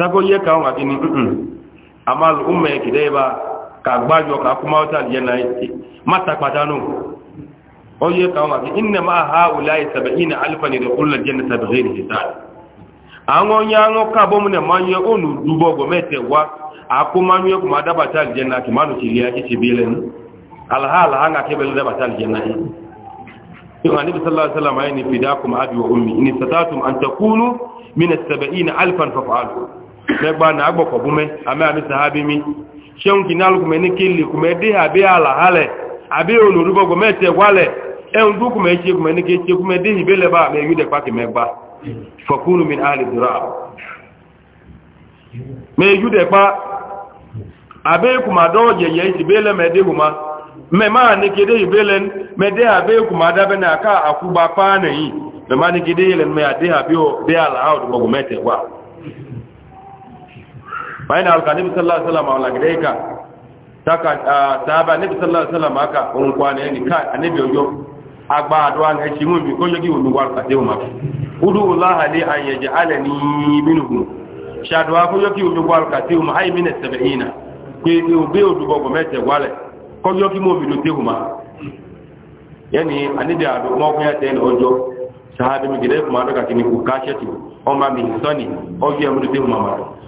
tako ye kan wa kini amal umme kideba ka gbajo ka kuma wata yana mata patanu o ye kan wa inna ma haula 70 alfan yadkhulul jannata bighayri hisab ango nyango ka bomu ne manye onu dubo go mete wa akuma nyo kuma daba tal janna ki manu ci liya ci bilen alhala hanga kebel daba tal janna yin annabi sallallahu alaihi wasallam ayni fidakum abi wa ummi in istatatum an takunu min as-70 fa'alu megba na agbakọbume ame amisa ha bimi seun kini alukume ala abe ẹun ní kéṣe kùmẹ́ dé bá fọkúnù mi lè dúrà mẹ́ yúdẹ̀ pa abẹ́kùmà dọ́ọ̀jẹ̀yẹ ìbílẹ̀ mẹ́dẹ́hùmá mẹ máa ní kéde ìbílẹ̀ mẹ́dẹ́ abẹ́kùmà dábẹ́nà aká àkúgbà pàánà yìí mẹ́ máa ní kéde ìlẹ̀ mẹ́ àdé àbí bayna alqadim sallallahu alaihi wasallam wala gidaika taka sahaba nabi sallallahu alaihi wasallam aka on kwane ni ka anabi ojo agba adwa na chi mu bi ko yogi ulu wa ka dewo maki udu allah li an yaj'alani minhu shadwa ko yogi ulu wa ka dewo ma ay min 70 pe ni obe odu bogo mete wale ko yogi mo bi do dewo ma yani anabi adu mo ya ten ojo sahabi mi gidaika ma do ka kini ku kashetu o mi soni ojo ya mu dewo ma ma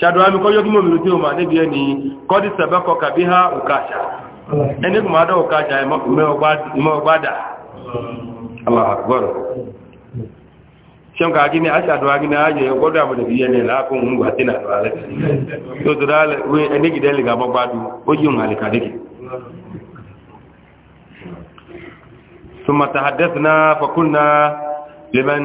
ṣàdùn àmì kọjọ́ kí mọ̀mí tí ó máa níbi ẹni kọ́dí sẹ̀bẹ́kọ́ kàbí ha òkàṣà ẹni kò máa dá òkàṣà ìmọ̀ọ̀gbádà aláàgbọ́rọ̀ ṣẹ́nkà agíní aṣàdùn agíní ayẹ ọgọ́dọ̀ àmọ̀dẹ̀bí ẹni láàkún ń gbà tínà rẹ̀ tó tó dálẹ̀ wé ẹni gìdẹ́ ثم تحدثنا فقلنا لمن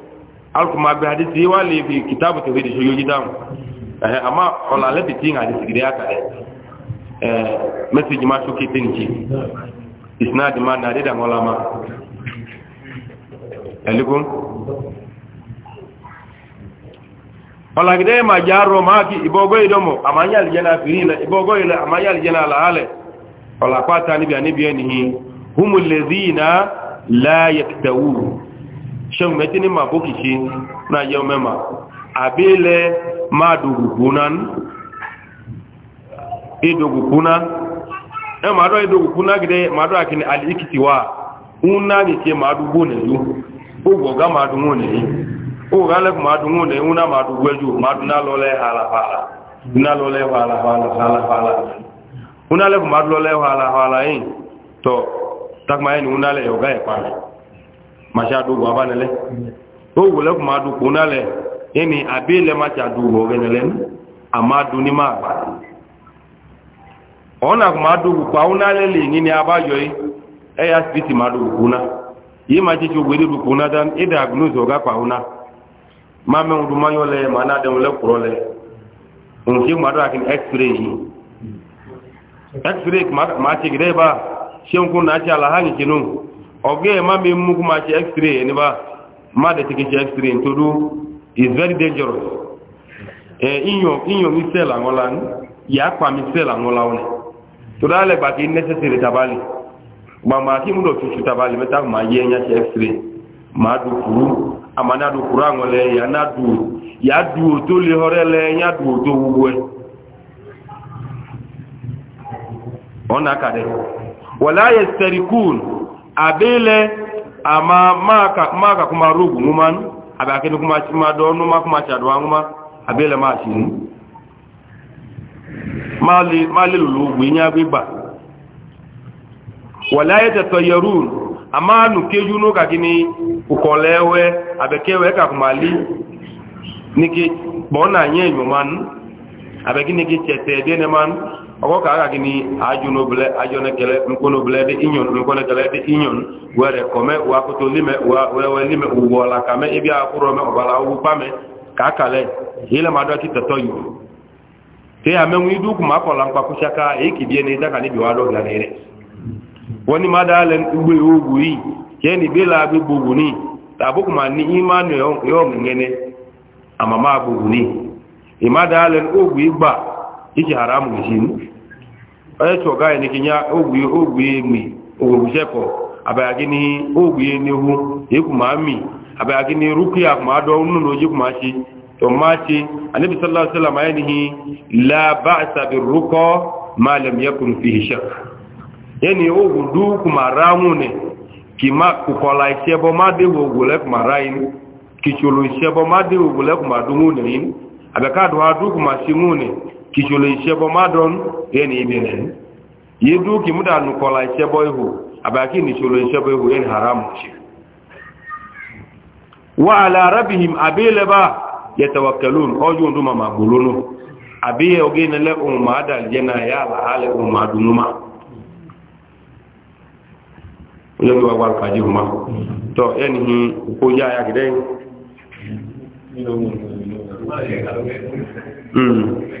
alukuma gbe hadisi wa le fi kitabu tawhid so yoji dam eh ama ola le bi tin hadisi gidi aka de eh message ma so kitin ji isnad ma na de da ngola ma alikum ola gide ma jaro ma ki ibogo idomo amanya aljana firina ibogo ile amanya aljana la ale ola kwata ni bi ani bi enihi humul ladhina la yaktawun shan mai tini ma boki shi na yau mema abele ma dogukunan idogukuna e ma do idogukuna gide ma do akini alikitiwa una ni ke ma dugo ne yu ugbo ga ma dunwo ne yi ugbo ga le ma dunwo ne una ma dugo ju e ma duna lole hala hala duna lole hala hala hala hala una le ma lole hala hala yin to takma yin una le yoga e pa macha dugu abane le o wule kuma du kuna le yani abele macha dugu ogene le ama du ni ma ba ona kuma dugu kwa una le le ni ni abajo yi e ya spiti ma dugu kuna yi ma ji ju gwede du kuna dan e da gnu zo ga kwa una ma me ndu ma yo le ma na de le kuro le nki ma do akin x-ray yi x-ray ma ma ti gre ba shenkun na cha la hangi kinu oge ma mi mugu ma ci x-ray ni ba ma da take ci x-ray to do is very dangerous eh inyo inyo mi sel angola ya kwa mi sel angola one to da le ba ki necessary tabali ma ma ki mu do chuchu tabali meta ma ye nya ci x-ray ma du kuru amana du kuru angole ya na du ya du to le horele ya du to wuwe ona kade wala yastarikun abele ama maka maka kuma rugu muman abe akini kuma ma donu ma kuma chadwa nguma abele ma chini mali mali lulu inya gba wala yatatayarun ama nu kejuno ka kini ukolewe abekewe ka kumali niki bona nyenyo man abekini ki chete dene man ọkọ ka aga gị ni ajụ n'obele ajọ n'ekele nkwụ n'obele dị inyon nkwụ n'ekele dị inyon were kọme wa kụtụ lime were were lime ugbo ọla ka me ịbịa akwụrụ me ọbala ka akale ma dọkị tọtọ yi te ya menwe idu kuma ma akọla mkpakwụcha ka e bie na ịdaka n'ibi gị na wani yi ke ni ni ma ni ni ogwu ịgba iji haramu i onye chọga ya n'ike nya ogwe ogwe egbe ogwegwu jekọ abịa gị n'ihe ogwe n'egwu ekwu ma amị abịa gị n'iru kụ ya ma adọ nnụnụ oji kwụ machi tọmachi anabi sallallahu alaihi wasallam ayi nihi la ba'sa bi ruqa ma lam yakun fihi shak yani ogwu du kuma ramu ne ki ma ku kola ise bo ma de ogwu le kuma rain ki chulu ise bo ma de ogwu le kuma dungu ne abeka do adu kuma shimu ne kìjòlè ìṣẹ́bọ mádọ́n ẹni ìbìnrin yìí dúó kì múdà nùkọ́lá ìṣẹ́bọ ihò àbákí nìṣòlò ìṣẹ́bọ ihò ẹni haramu ṣe wà aláàrábìhìm àbílẹ̀bá yẹtawakẹlún ọjọ́ ọdún ma gbòlónú àbíyẹ ogénilẹ́ ohun máa dàlẹ́ náà yà àlàálẹ̀ ohun máa dùnú ma olóògbé wa wà lùkàjí hùn ma tọ́ ẹni hì kó yá ayagidẹ́yìn hmm.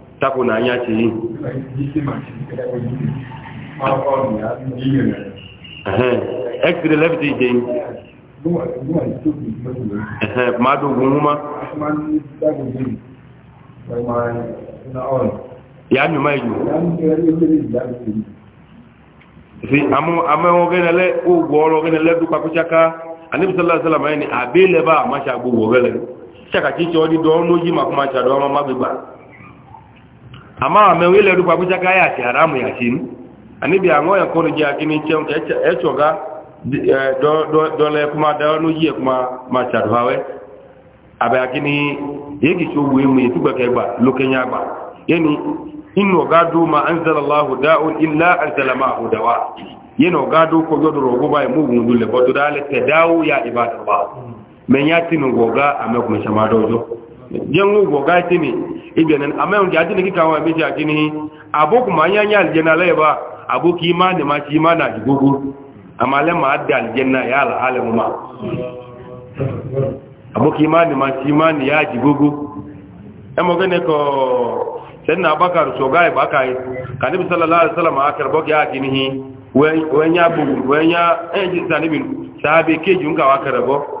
tako na anya chi ẹ̀kìrì lẹ́fìtì ìjẹ yìí máa dógún mú má yà á nyùmá ìjù fi amẹ́wọ́n gẹ́nẹ́lẹ́ ogun ọ̀rọ̀ gẹ́nẹ́lẹ́ dúpà kó ṣáká anípùsọ́lá sọ́lá máa ní àbẹ́lẹ́bà máa ṣàgbogbo ọ̀gẹ́lẹ́ ṣàkàtí ṣọ́ dídọ́ ọ́nà yìí ama a mai wile rufa kusa kaya ke haramu ya ce ni anibi a ngoyan kono ji akini cewa ka echo ga dole kuma da wani jiye kuma ma chadu hawe abe akini yegi so wuye mu yitu ga kaiba lokenya ba yani inno gado ma anzalallahu da'un illa anzala ma'hu dawa yeno gado ko yodo rogo ba mu gundu le bodo dale tadawu ya ibadallah men yati ame goga ameku shama dojo jengu go gaiti ni ibenen amen ngi ajini ki kawa mi jakini aboku manyanya aljena leba aboki imani ma chi imani ajugugu amale ma adda aljanna ya ala alamu ma aboki imani ma chi imani ya ajugugu emo gene ko senna abakar so gai e bakai kanibi e. sallallahu alaihi wasallam akar boki akinihi wenya bu wenya eji eh, sanibin sahabi keji unka wakarabo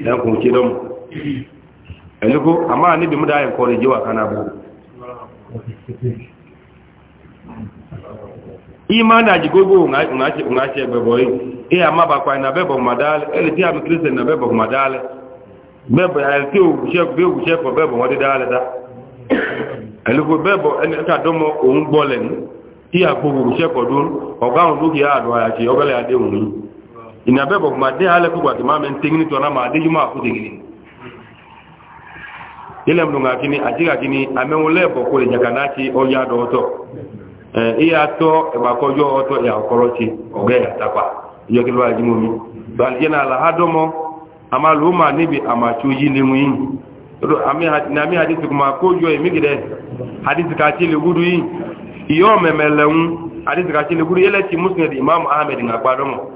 ya kun ki don ene ko amma ni bi mu da ya kore jiwa kana bu imani ajigogo ungache ungache bebo hii e ama ba kwa na bebo madale ele tia mkristo na bebo madale bebo ya ti ugushe bebo ugushe ko bebo wadi dale da ele ko bebo ene ka domo un bolen ti apo ugushe ko dun oga un duki ya do ya ti ogale ade un ina bɛ bɔ kuma den hali ko waati maa mɛ n tegini tɔ na ma a deju ma a ko tegini yɛlɛ mun ka kini a ti ka kini a mɛ wolo bɔ ko de jaka n'a ti o y'a dɔw tɔ ɛ i y'a tɔ e kɔjɔ o tɔ y'a kɔrɔ ti o bɛɛ y'a ta kuwa yɔ kelen b'a jimu mi bali jɛna a la ha dɔ mɔ a ma lu ma ne bi a ma tu yi lengu yi o do ami hadi na mi hadi e ti kuma ko jɔ ye mi gɛrɛ hadi ti ka ti le gudu yi iyɔ mɛmɛ lɛ ŋu hadi ti ka ti le gudu yɛlɛ ti musu ne di imaamu ahamɛdi ŋa gba dɔ mɔ.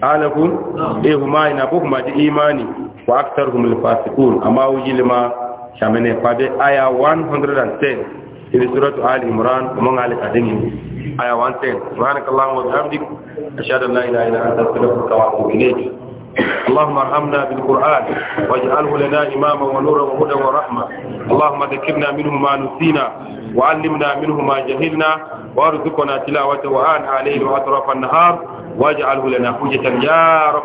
alakun ehuma ina ko kuma ji imani wa aktarhum alfasiqun amma wujilma shamene fabe aya 110 in suratu ali imran kuma ngali kadini aya 110 subhanakallahumma wa bihamdik ashhadu an la ilaha illa anta astaghfiruka wa atubu ilayk اللهم ارحمنا بالقرآن واجعله لنا إماما ونورا وهدى ورحمة اللهم ذكرنا منه ما نسينا وعلمنا منه ما جهلنا وارزقنا تلاوته وآن عليه وأطراف النهار واجعله لنا حجة يا رب